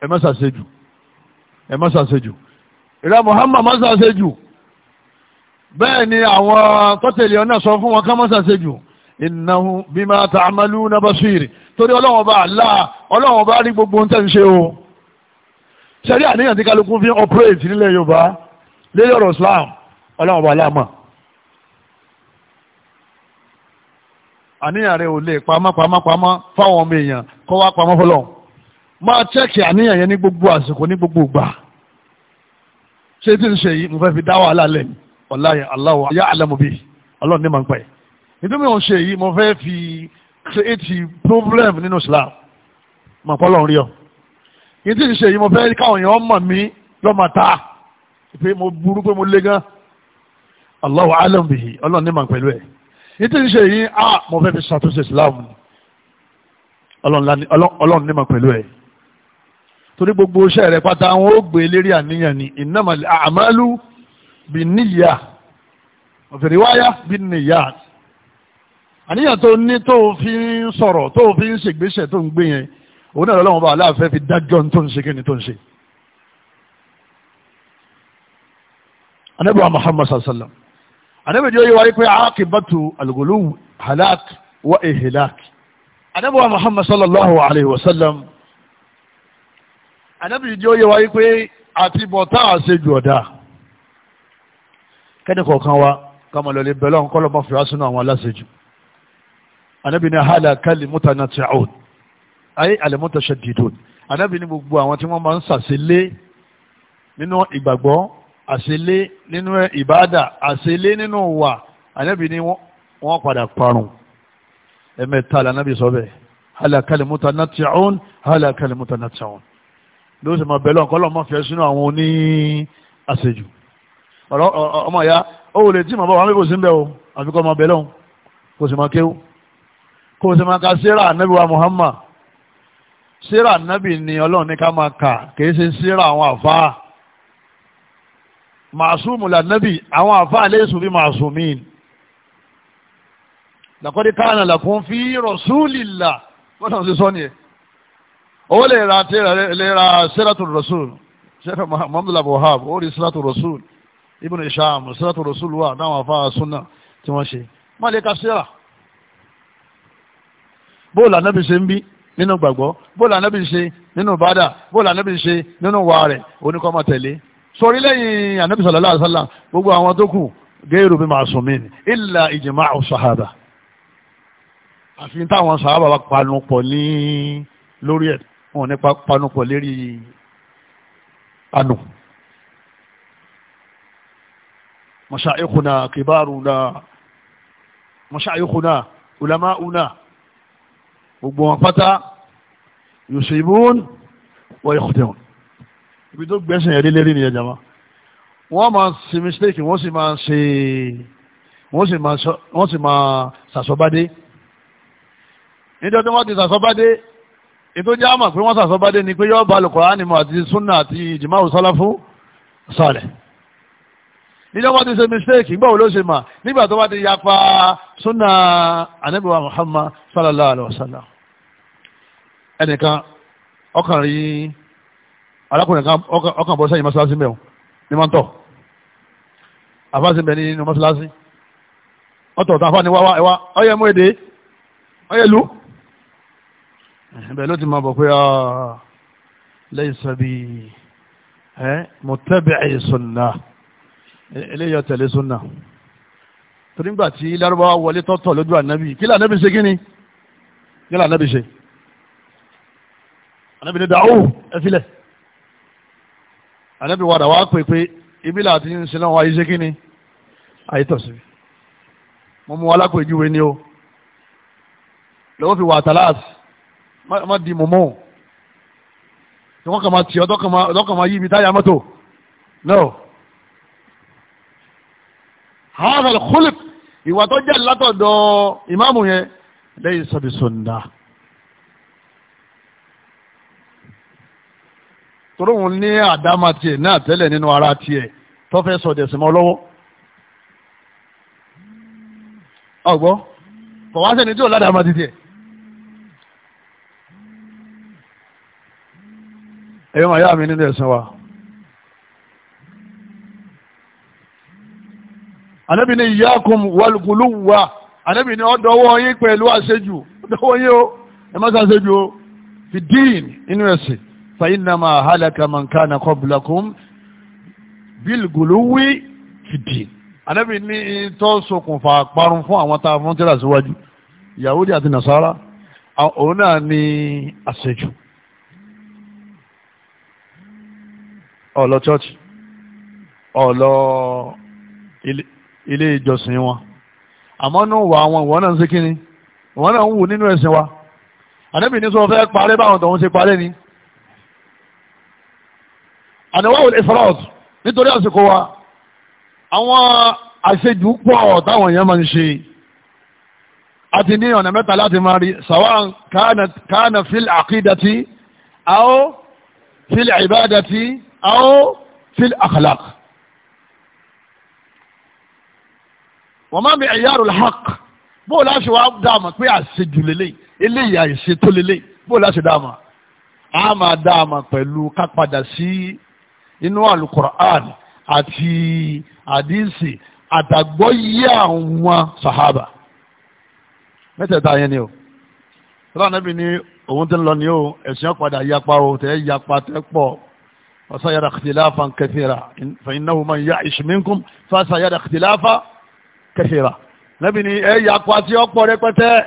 ẹ mẹ́sàsẹ́jù ẹ má ṣàṣejù ìrẹ́ Muhammad má ṣàṣejù bẹ́ẹ̀ ni àwọn tọ́tẹ̀lẹ̀ ọ̀nà sọ fún wọn ká má ṣàṣejù innahu bima ta'maluna basir torí ọlọ́wọ́n bá Allah ọlọ́wọ́n bá rí gbogbo ohun tẹ́ ń ṣe o ṣẹ̀rí àníyàn tí kálukú fi ń operate nílẹ̀ Yorùbá lórí ọ̀rọ̀ Islam ọlọ́wọ́n bá Allah àníyàn rẹ̀ ò lè pamọ́ pamọ́ pamọ́ fáwọn ọmọ èèyàn kọ́ wá pamọ́ fọlọ́hún máa chẹ́kì àníyàn yẹn ní gbogbo àsìkò ní gbogbo ìgbà ṣé tí ń ṣe yìí mo fẹ́ fi dá wàhálà lẹ̀ wàláyé aláwọ̀ ayé àlẹ́mọ̀bí ọlọ́run ní màá ń pẹ́ nítorí mo ṣe yìí mo fẹ́ fi create problem nínú Islam mà pọ́ lọ́run rí ọ yìí tí ń ṣe yìí mo fẹ́ káwọn èèyàn mọ̀ mí lọ́mọ ta pé mo burú pé mo lé gan aláwọ̀ àlẹ́mọ̀bí ọlọ́run ní màá pẹ̀lú ẹ̀ yìí tí ń ṣe yìí ah, mo fẹ́ fi ṣàtúnṣe Islam ọlọ́run ní màá pẹ̀lú ẹ̀ torí gbogbo iṣẹ́ rẹ̀ pátá wọn ó gbé lérí àníyàn ni innamal a'malu binniyah wa fi riwaya binniyat àníyàn tó ní tó fi ń sọ̀rọ̀ tó fi ń ṣègbésẹ̀ tó ń gbé yẹn òun náà lọ́wọ́ bá aláàfẹ́ fi dájọ́ tó ń ṣe kí ni tó ń ṣe. anabi wa sallam anabi jẹ́ yíwa wípé akibatu alghuluw halak wa ihlak anabi muhammad sallallahu alayhi wa sallam ànábì jẹ́ òye wa ati bota bọ̀tá àṣejù ọ̀dà kẹ́ni kọ̀ọ̀kan wa kàmọ̀ lọ́lẹ̀ bẹ̀rẹ̀ ọ̀hún kọ́ lọ́mọ́ fìwá sínú àwọn aláṣejù ànábì ní hàlà kálí mútànà tí a ò ayé àlẹ́mọ́tà ṣe dìdò ànábì ní gbogbo àwọn tí wọ́n máa ń sàṣelé nínú ìgbàgbọ́ àṣelé nínú ìbáàdà àṣelé nínú wà ànábì ní wọ́n padà parun ẹ̀mẹ́ta ànábì sọ bẹ́ẹ̀ hàlà kálí mútànà tí a ò hàlà kálí mútànà ló sì máa bẹ̀lọ́ ọ̀kọ́lọ́ máa fẹ́ sínú àwọn oní àṣejù ọmọ ìyá ó wò lè tí màbá wa mẹ́kò sí ń bẹ̀ o àfi kọ́ máa bẹ̀lọ́ kò sì máa kéwú kò sì máa ka síra ànábì wa Muhammad sira ànábì ni ọlọ́run ní ká máa kà kìí ṣe síra àwọn àfáà màásùmù lànábì àwọn àfáà léṣù bí màásùmíìn làkọ́dí káànà làkún fi rasulillah wọ́n sọ sí sọ́ni ẹ̀ ó lè ra lè ra siratu rasul sẹ́fẹ̀ muhammadu abu wahab ó rí siratu rasul ibn isham siratu rasul wà náwọn afá sunna tí wọ́n ṣe má lè ka sira bóòlù anábì ṣe ń bí nínú gbàgbọ́ bóòlù anábì ṣe nínú bàdà bóòlù anábì ṣe nínú wà rẹ̀ oníkọ́mọ tẹ̀lé sọrí lẹ́yìn anábì sallallahu alaihi wasallam gbogbo àwọn tó kù gairu bi ma'sumin illa ijma'u sahaba àfi táwọn sahaba wa lórí ẹ̀ wọn ò ní panupọ̀ lérí ànù mashayikhuna kibaruna mashayikhuna ulamauna gbogbo wọn pátá yusibun wa yakhtun ibi tó gbẹ́sìn ẹ̀rí lérí nìyẹn jama wọ́n máa ṣe mistake wọ́n sì máa ṣe wọ́n sì máa ṣàṣọ́bádé nítorí wọ́n ti ṣàṣọ́bádé ètò jẹ́ àmà pé wọ́n sàsọ́bádé ni pé yọ́ bá Al-Qur'ani mu àti súnà àti ìjìmáwò sálàfù sọ̀lẹ̀ níjọ́ bá ti ṣe mistake ìgbà wo ló ṣe mà nígbà tó bá ti yapa súnà Ànábì Muhammad sallallahu alayhi wa sallam ẹnìkan ọkàn rí arákùnrin kan ọkàn bọ́ sẹ́yìn mọ́ṣáláṣí mẹ́wọ̀n ní máa ń tọ̀ àfáàsì bẹ̀ nínú mọ́ṣáláṣí ọ̀tọ̀ ọ̀tọ̀ àfáà ni wá wá ẹ̀wá ọ̀yẹ́ bẹ́ẹ̀ ló ti máa bọ̀ pé lẹ́yìn sọ́bí mo tẹ́bẹ̀ ẹ̀ sọ̀nà eléyọ̀ tẹ̀lé sọ̀nà torí gbà tí lárúbáwá wọlé tọ́tọ̀ lójú ànábì kí lànábì ṣe kí ni kí lànábì ṣe ànábì ní dàáwò ẹ filẹ̀ ànábì wàdà wá pè pé ibi láti ń sinú wáyé ṣe kí ni mo mú alákòójúwe ni o lọ́wọ́ fi wà tàláàsì má di mọ̀mọ́ o tí wọ́n kàn máa tì ọ́ lọ́kàn máa yí ibi táyà mọ́tò no. hadha al-khuluq ìwà tó jẹ́ látọ̀dọ̀ ìmáàmù yẹn lẹ́yìn sọ́bi sọ̀ndà. torí òun ní àdámà tiẹ̀ náà tẹ́lẹ̀ nínú ara tiẹ̀ tó fẹ́ sọ̀dẹ̀ sí mọ́ lọ́wọ́. ọ̀gbọ́n kọ̀wá sẹ́ni tí ò ládàá máa ti tiẹ̀. ẹ̀yọ́ màá yá mi nínú ẹ̀sìn wa. ànábì ní ìyáàkùn wàlùkùlù wà ànábì ní ọ̀dọ́wọ́ yín pẹ̀lú àṣejù ọ̀dọ́wọ́ yín o ẹ má ṣàṣejù o fi dín inú ẹ̀sìn fàyínàmà àhálàkà mànkánà kọ́bùlàkùn bílgùlùwì fi dín ànábì ní tó ṣokùnfà parun fún àwọn tá a fún tíra síwájú Yahudi àti Nasara òun náà ní àṣejù. ọ̀lọ chọ́ọ̀chì ọ̀lọ ilé ìjọsìn wọn àmọ́ nù wà àwọn ìwọ náà ń ṣe kíni ìwọ náà ń wù nínú ẹ̀sìn wa ànábì ní sọ fẹ́ parẹ́ báwọn tòun ṣe parẹ́ ni àníwáwò ìfọ́rọ̀t nítorí àsìkò wa àwọn àṣejù pọ̀ táwọn èèyàn máa ń ṣe àti ní ọ̀nà mẹ́ta láti máa rí sàwọn kánà fíl àkídàtí àó fíl ìbádàtí aw fil akhlaq wọ́n máa ń bẹ ẹ̀yàrò haq bóò láṣẹ wa dáàmà pé àṣejù lélẹ̀ eléyìí àṣe tó lélẹ̀ bóò láṣẹ dáàmà a máa dáàmà pẹ̀lú ká padà sí inú alukur'an àti àdínsì àtàgbọ́yé àwọn sahaba mẹ́tẹ̀ẹ̀ta yẹn ni o sọ́dọ̀ anábì ní òun ti ń lọ ní o ẹ̀sìn ọ̀padà yapa o tẹ́ yapa tẹ́ pọ̀ وسيرى اختلافا كثيرا فإنه من يعش منكم فسيرى اختلافا كثيرا نبي ني اي يقواتي اوبو ريبته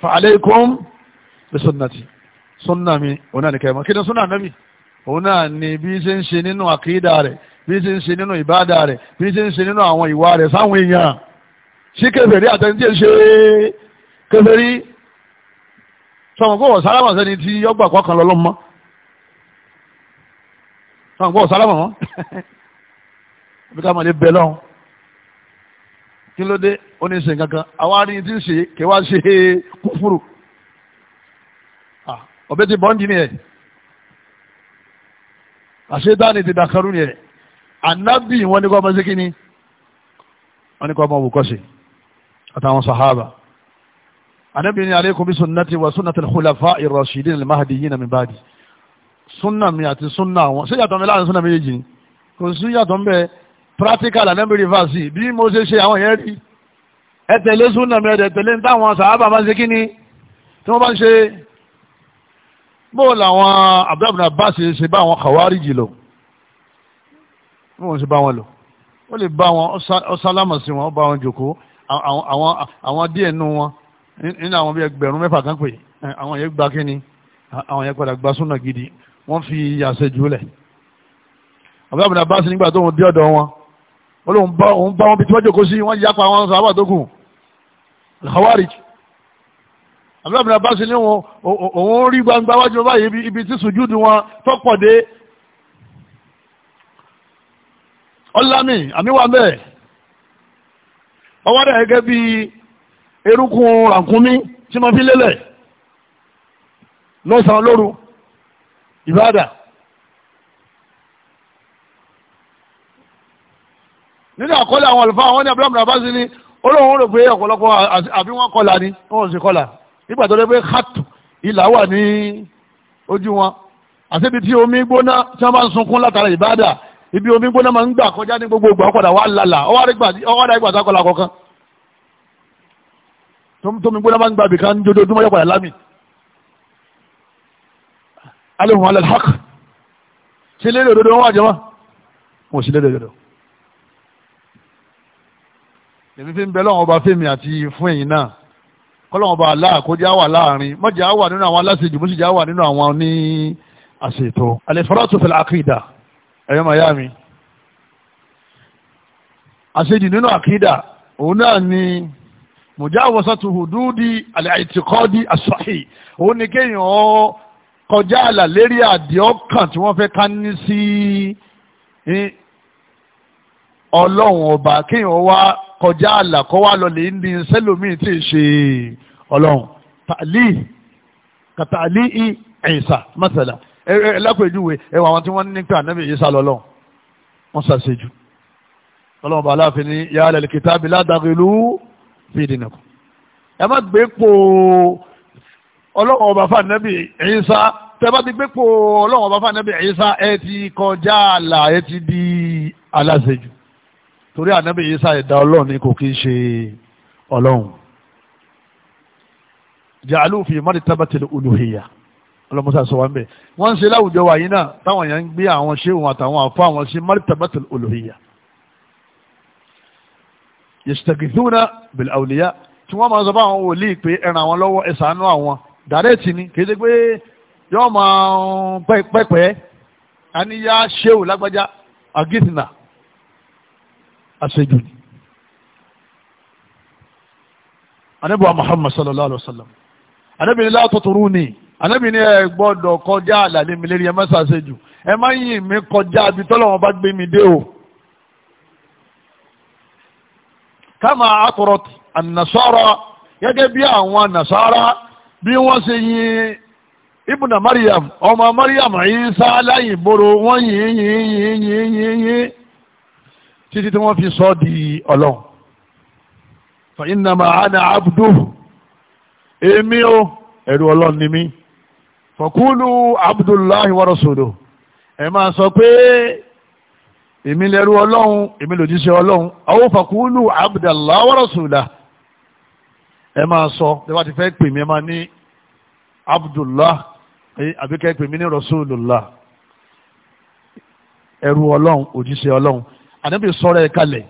فعليكم بسنتي sunna mi òun náà ni kẹrìmọ́ kí ni sunna nabi òun náà ni bí ṣe ń ṣe nínú àkídà rẹ̀ bí ṣe ń ṣe nínú ìbádà rẹ̀ bí ṣe ń ṣe nínú àwọn ìwà rẹ̀ sáwọn èèyàn sí kèfèrí àtẹnudí ṣe kèfèrí sọmọ kó wọ sálámà sẹni tí yọgbà kọkànlọlọmọ wọn gbọ́ sálámà wọn bí ká lè bẹ lọ́hùn kí ló dé ó ní ṣe kankan àwa rí ti ṣe kí wá ṣe kúfúrú ọbẹ̀ ti bọ́ǹdì ni ẹ̀ àṣetáni ti dàkarú ni ẹ̀ ànábì wọn ní kọ́ ọmọ sí kíni wọn ní kọ́ ọmọ òwúkọ́sì àtàwọn sàhábà ànábì ni alaykum bi sunnati wa sunnati al-khulafa ar-rashidin al-mahdiyyin min súnà mi àti súnà wọn ṣé yàtọ̀ mi láàrin súnà méjèèjì ni kò sí yàtọ̀ ń bẹ practical ànábì rivers bí mo ṣe ṣe àwọn yẹn rí ẹ tẹ̀lé súnà mi ẹ̀dẹ̀ tẹ̀lé táwọn sàábà máa ń ṣe kíni tí wọ́n bá ń ṣe bóòlù àwọn abdulhamid abbas ṣe bá àwọn kàwárí jì lọ bí wọ́n ṣe bá wọn lọ ó lè bá wọn ọsálámà sí wọn ó bá wọn jòkó àwọn díẹ̀ nù wọn nínú àwọn bí ẹgbẹ̀rún mẹ́fà kan pè àwọn yẹn gba kíni àwọn yẹn padà gba súnà gidi wọ́n fi yàṣẹ jùlẹ̀ àbúrò àbúrò abáṣe nígbà tó ń dé ọ̀dọ̀ wọn wọ́n lòun bá òun bá wọn bí tí wọ́n jókòó sí wọ́n yapa wọn sọ àbá tó kù alhawarij àbúrò àbúrò abáṣe ní wọn òun rí gbangba wájú báyìí ibi tí sùjúdù wọn tọ́pọ̀ dé ọlámì àmìwà bẹ́ẹ̀ ọwọ́ rẹ̀ gẹ́gẹ́ bí erukun ràkúnmí tí wọ́n fi lélẹ̀ lọ́sàn-án lóru. Ibada. nínú àkọlé àwọn àlùfáà wọn ní abúlé àmàlà bá sí ní olóhùn rò pé ọ̀pọ̀lọpọ̀ àbí wọ́n kọlà ni wọ́n sì kọlà nígbà tó lé pé hàtù ìlà wà ní ojú wọn àṣebi tí omi gbóná tí wọ́n bá ń sunkún látara ìbádà ibi omi gbóná máa ń gbà kọjá ní gbogbo ìgbà ọ̀pọ̀dà wà lálà ọwọ́dà ìgbà sákọlà kọ̀ọ̀kan tómi gbóná máa ń gbà bìkan jódójúmọ́ yọ̀pọ̀dà lámì alóhùn alàlhàk sí lérí òdodo wọn wà jẹmọ́ wọn sí lérí òdodo èmi fi ń bẹ lọ́wọ́ ọba fẹ́mi àti fún ẹ̀yìn náà kọ́lọ́wọ́ ọba aláàkójá wà láàrin mọ́jà wà nínú àwọn aláṣejù mọ́síjà wà nínú àwọn ní àṣètò al-ifratu fil aqida ẹ̀yọ́ màyá mi àṣejù nínú àkídà òun náà ni mùjáwọ́sátù hùdúdí al-i'tiqadi as-sahih òun kọjá àlà lérí àdìọ́kàn tí wọ́n fẹ́ ká ní sí ọlọ́run ọba kéèyàn wá kọjá àlà kọ́ wá lọlẹ̀ ní sẹ́lómìn tí ì ṣe ọlọ́run tàlí kàtàlí ìṣà mọ́sálà lápèjúwe ẹwà àwọn tí wọ́n ní pé ànábì ìṣà lọ́lọ́run wọ́n ṣàṣejù ọlọ́run bàálà fi ní yàrá lẹ́lẹ́kìtàbí ládàgìlú fìdí nìkan ẹ má gbé pòó ọlọ́wọ́n ọba fànẹ́bì Ìsá tẹ́bá ti gbépò ọlọ́wọ́n ọba fànẹ́bì Ìsá ẹ ti kọjá àlà ẹ ti di aláṣejù torí ànẹ́bì Ìsá ẹ̀dá ọlọ́run ni kò kí ń ṣe ọlọ́run jàálù fi mọ́ni tábàtìlì olùhìyà ọlọ́mọsá sọ wá ń bẹ̀ wọ́n ń ṣe láwùjọ wà yìí náà táwọn èèyàn ń gbé àwọn ṣéwọ̀n àtàwọn àfọ àwọn sí mọ́ni tábàtìlì olùhìyà yẹ̀sítẹ̀gìdúnà bẹ̀lẹ̀ àwùlíyà tí wọ́n máa ń sọ fún àwọn wòlíì pé ẹran àwọn lọ́wọ́ ẹ̀sánú àwọn dàrẹ́ẹ̀tì ni kéde pé yọ́ọ́ máa pẹ́pẹ́ àníyá ṣéwù lágbájá àgìsìnà àṣejù ni. anabi muhammad sallallahu alaihi wasallam anabi ni látọ̀tọ̀rú ni anabi ni ẹ gbọ́dọ̀ kọjá àlàlé mi lérí ẹ má ṣàṣejù ẹ má yìn mí kọjá bí tọ́lọ́wọ́n bá gbé mi dé o. kama akọrọ nasara gẹ́gẹ́ bí àwọn nasara. bí wọ́n ṣe yin ibùnà mariam ọmọ Maryam Isa láyìnbóró wọ́n yìn yìn yìn yìn yìn yìn títí tí wọ́n fi sọ di ọlọ́run fa innama ana abduhu èmi o ẹ̀rù ọlọ́run ni mí fọ̀kúlù abdullahi wa rasuluhu ẹ máa sọ pé èmi lẹ́rù ọlọ́run èmi lòjíṣẹ́ ọlọ́run àwọn fọ̀kúlù abdullahi wa rasuluhu ẹ máa sọ bí wọ́n ti fẹ́ pè mí ẹ máa ní abdullah àbí kẹ́ pè mí ní rasulullah ẹrú ọlọ́run òjíṣẹ́ ọlọ́run ànábì sọ̀rọ̀ ẹ̀ kalẹ̀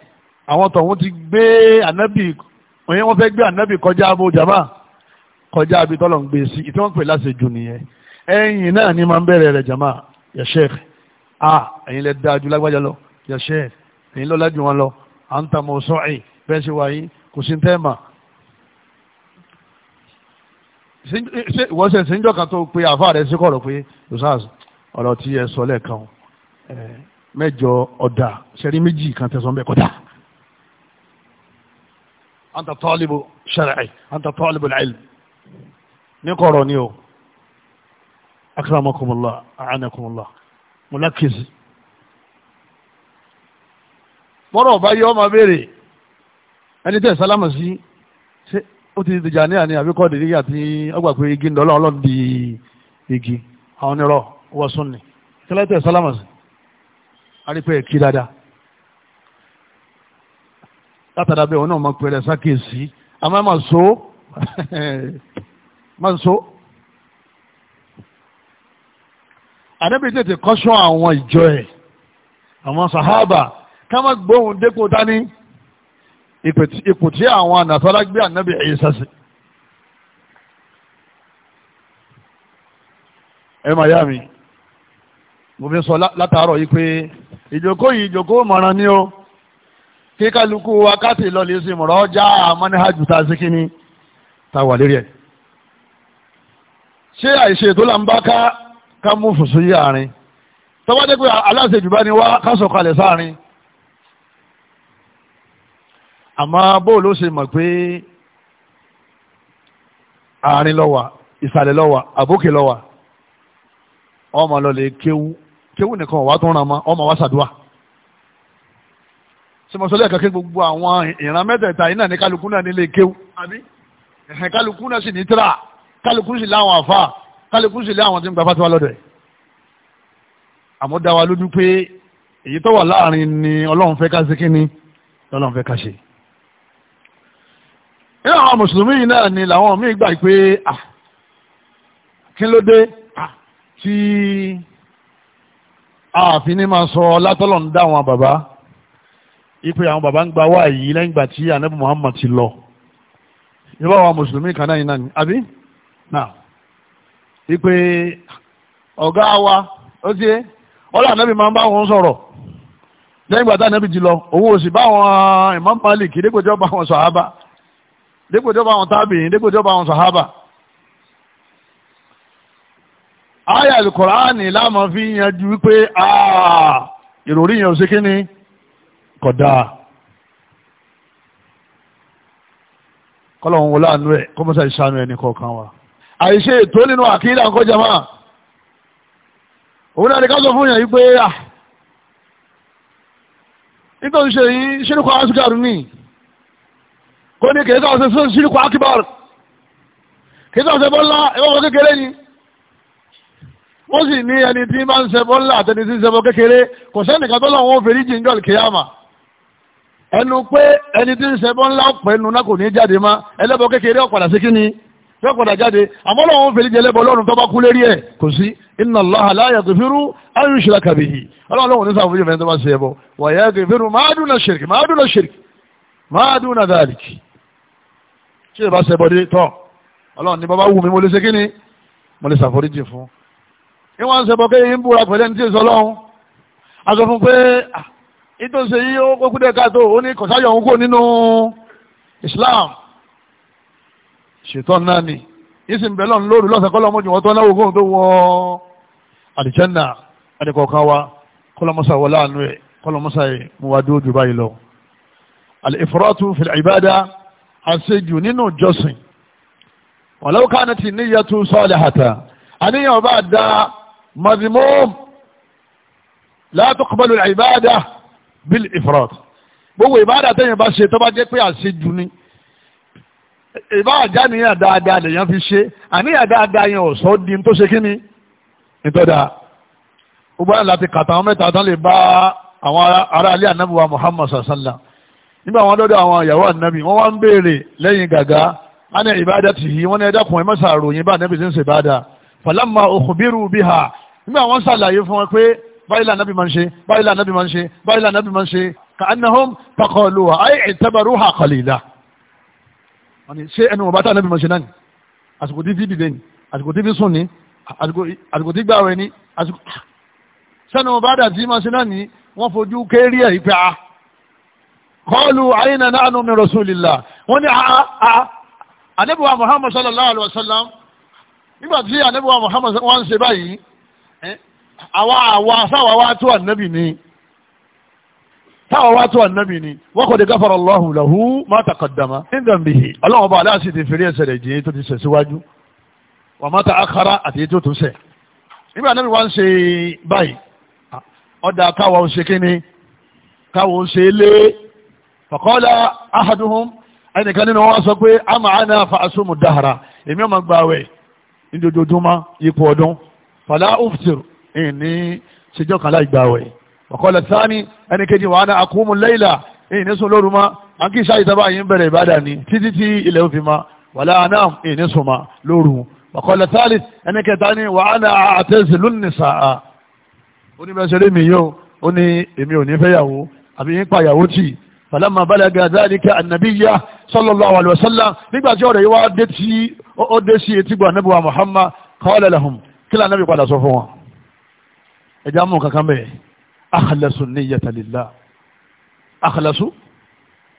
àwọn tọ̀hún ti gbé ànábì òyìn wọ́n fẹ́ gbé ànábì kọjá abo jama kọjá abi tọ́lọ̀ ń gbé sí ìtí wọ́n pè láti jù nìyẹn ẹ̀yìn náà ni máa ń bẹ̀rẹ̀ rẹ̀ jama ya sheikh a ẹ̀yin lẹ dáa ju lágbájá lọ ya sheikh ẹ̀yin lọ́lá ju wọn lọ à ń ta mọ̀ sọ́ọ̀ì ṣe wáyé kò sí ń tẹ́ mà ṣe ìwọ ṣe ṣe ń jọka tó pé àfa rẹ ṣe kọ̀rọ̀ pé rosas ọ̀rọ̀ tí ẹ sọ lẹ́ẹ̀kan mẹ́jọ ọ̀dà ṣẹ́rí méjì kan tẹ̀sán bẹ́ẹ̀ kọ́dà. anta talibu shar'i anta talibu al-ilm ní kọ̀rọ̀ ni o akramakumullah a'anakumullah mulakis. mọ́rọ̀ ọba yọ ọmọ béèrè ẹni tẹ̀ sálámà sí ó ti dìjà ní àní àbíkọ́ dìrí àti ọgbà pé igi ń dọ́lọ́ ọlọ́run di igi àwọn onírọ̀ wọ́n sún ni kílẹ̀tẹ̀ sálámàsì arípẹ́ kí dáadáa látàdá bẹ́ẹ̀ wọn náà máa pẹ̀rẹ̀ sákèsí àmọ́ máa so máa so. àdébí tètè kọ́ṣọ́ àwọn ìjọ ẹ̀ àwọn sàhábà ká má gbóhùn dépò dání. ipò tí àwọn ànàsárá gbé ànábì Ìsá sí. ẹ máa yá mi mo fi sọ látàárọ̀ yìí pé ìjókòó yìí ìjókòó mọ̀ràn ni o kí kálukú wákàtí lọ́lẹ̀ sí mọ̀rọ̀ já àmọ́níhàjù tá a sí kíní tá a wà lérí ẹ̀. ṣé àìṣe tó là ń bá ká ká mú fùsù àárín àmọ́ bó ló ṣe mọ̀ pé àárín lọ́wà ìsàlẹ̀ lọ́wà àbókè lọ́wà ọmọ lọlẹ̀ kéwú kéwú nìkan wà tó ń ràn mọ́ ọmọ wa ṣàdúà sọmọsọlẹ̀ kankan gbogbo àwọn ìran mẹ́tẹ̀ẹ̀ta yìí náà ní kálukú náà nílé kéwú àbí ẹ̀hẹ̀ kálukú náà sì ní tíra kálukú sì láwọn àfa kálukú sì lé àwọn tí ń gba fatiwa lọ́dọ̀ ẹ̀ àmọ́ dá wa lójú pé èyí tó wà láàrin ni ọlọ́run fẹ́ ká ṣe kí ni ọlọ́run fẹ́ ká ṣe nínú àwọn mùsùlùmí yìí náà ni làwọn míì gbà pé ah, kí ló dé ah, tí ààfin ní máa sọ látọ́lọ̀ ń dá àwọn bàbá ipe àwọn bàbá ń gba wá yìí lẹ́yìn ìgbà tí anabi Muhammad ti lọ ìbá àwọn mùsùlùmí kan náà yìí náà ni àbí náà ipe ọ̀gá wa ó ti yé ọlọ́ ànábì máa ń bá wọn sọ̀rọ̀ lẹ́yìn ìgbà tí anabi ti lọ òun ò sì bá wọn Imam Malik ìdíkòjọ́ bá wọn sàhábà dípò tí ó bá wọn tábìyìn dípò tí ó bá wọn sàhábà àyà ìkọ̀ránì láàmọ́ fi yanjú wípé ìròrí yẹn ò sí kíní kódà kọ́lọ̀hún wọlé àánú ẹ̀ kọ́mọ́sá ìṣàánú ẹni kọ̀ọ̀kan wa àìṣe ètò nínú àkídà ńkọ́ jama òun náà ni ká sọ fún yàn wípé ah, nítorí ṣe yìí ṣe nìyí kó ní kìí sọ̀rọ̀ sí ṣíríkù akíbọ̀rù kìí sọ̀rọ̀ sí bọ́lá ẹwọ́n kékeré ni ó sì ní ẹni tí máa ń ṣe bọ́lá àtẹni tí ń ṣe bọ́ kékeré kò sẹ́nìkan tó lọ́wọ́ fèrè jíjọ́ kìyàmà ẹnu pé ẹni tí ń ṣe bọ́lá pẹ̀lú náà kò ní jáde má ẹlẹ́bọ kékeré ọ̀padà sí kíni yóò padà jáde àmọ́ lọ́wọ́ fèrè jẹ́ lẹ́bọ lọ́run tó bá kú lérí ẹ̀ kò sí inna Allaha la yaghfiru an yushraka bihi ọlọ́run ní sàfúnjì mẹ́ta bá ṣe ẹbọ wa yaghfiru ma duna shirki ma duna shirki ma duna dhaliki tí ìbá ṣe bọ́dé ọlọ́run ní bàbá wù mí mo lè ṣe kí ni mo lè ṣàforíjì fún ní ń ṣe bọ́kẹ́ ń búra pẹ̀lẹ́ ní tí èso ọlọ́run a fún pé ìtòsí yìí ó kú dẹ́ka tó ó ní kọ̀sáyọ̀ òun kò nínú Islam ṣètọ́ náà ni ìsìn bẹ́ẹ̀ lọ́n lóru lọ́sẹ̀ kọ́lọ́ mọ́jú wọn tó náwó kóhun tó wọ àdìjẹ́nà ẹnìkọ̀ọ̀kan wa kọ́lọ́mọ́sà wọlé àánú ẹ̀ kọ́lọ́mọ́sà yìí mú wa dúró jù báyìí lọ al-ifratu fil ibada àṣejù nínú ìjọsìn walau kanati niyyatu salihata àníyàn bá da mazimum la tuqbalu al-ibada bil ifrat gbogbo ìbáàdà tẹ́yìn bá ṣe tó bá jẹ́ pé àṣejù ni ìbáàjá nìyàn dáadáa lèyàn fi ṣe àníyàn dáadáa yẹn ò sọ di tó ṣe kí ni ìtọ́da gbogbo àyàn láti kàtà àwọn mẹ́ta tán lè bá àwọn ará alẹ́ ànábùwà Muhammad sallallahu alaihi wasallam nígbà wọn dọ́dọ̀ àwọn ìyàwó ànábì wọ́n wá ń béèrè lẹ́yìn gàgá ánà ìbádà tì yí wọ́n ní ẹ̀dàkùn ẹ̀ mọ́sà àròyìn bá ànábì sí ń ṣe ìbádà falamma ukhbiru biha nígbà wọ́n ṣàlàyé fún wọn pé báyìí là ànábì máa ń ṣe báyìí là ànábì máa ń ṣe báyìí là ànábì máa ń ṣe ka annahum taqaluha ay i'tabaruha qalila wọ́n ní ṣé ẹnu bàtà ànábì máa ṣe náà ni àsìkò tí fídì lẹ́yìn àsìkò tí fi sùn ní àsìkò tí gbàwẹ̀ ní àsìkò sẹ́nu ah, bàtà tí máa ṣe náà ni wọ́n fojú kéré ẹ̀ ìpẹ́ kọlu àyínà náà nù min rasulillah wọ́n ní ah, ah, ah. ànẹ́bùwà muhammad sallallahu alaihi wasallam nígbà tí ànẹ́bùwà muhammad wọ́n ń ṣe báyìí eh, àwa àwa sáwà wá tó ànẹ́bì ni sáwà wá tó ànẹ́bì ni wọ́n kò dé gáfàrà Allahu lahu ma taqaddama nígbà bìí ọlọ́run ọba aláàsì ti fèrè ẹsẹ̀ rẹ̀ jìn tó ti sẹ̀ síwájú wà má ta akara àti ètò tó sẹ̀ nígbà ànẹ́bì wá ń ṣe báyìí ọ̀dà káwa ń ṣe kíni káwa ń ṣe lé fàkọ́lá ahaduhum ẹnìkan nínú wọn sọ pé a máa ná fa asúmù dáhara èmi ọmọ gbààwẹ̀ nídòdòdúnmá ipò ọdún fàlá uftir ní ṣèjọ́ kan láì gbààwẹ̀ fàkọ́lá sáni ẹnìkejì wà ná akúmù lẹ́yìnlá ní sùn lóru ma a kì í ṣáà ìtaba yìí ń bẹ̀rẹ̀ ìbádà ni títí tí ilẹ̀ òfin ma wàlá anam ní sùn ma lóru fàkọ́lá sáni ẹnìkẹta ni wà ná àtẹ́sílù ní èmi falamma balaga dhalika annabiya sallallahu alaihi wasallam nígbà tí ọ̀rọ̀ yìí wá dé tí ó dé sí etí gbọ́ ànábì wa muhammad qala lahum kí lànà bí padà sọ fún wọn ẹjá mú kankan bẹ́ẹ̀ akhlasu niyyata lillah akhlasu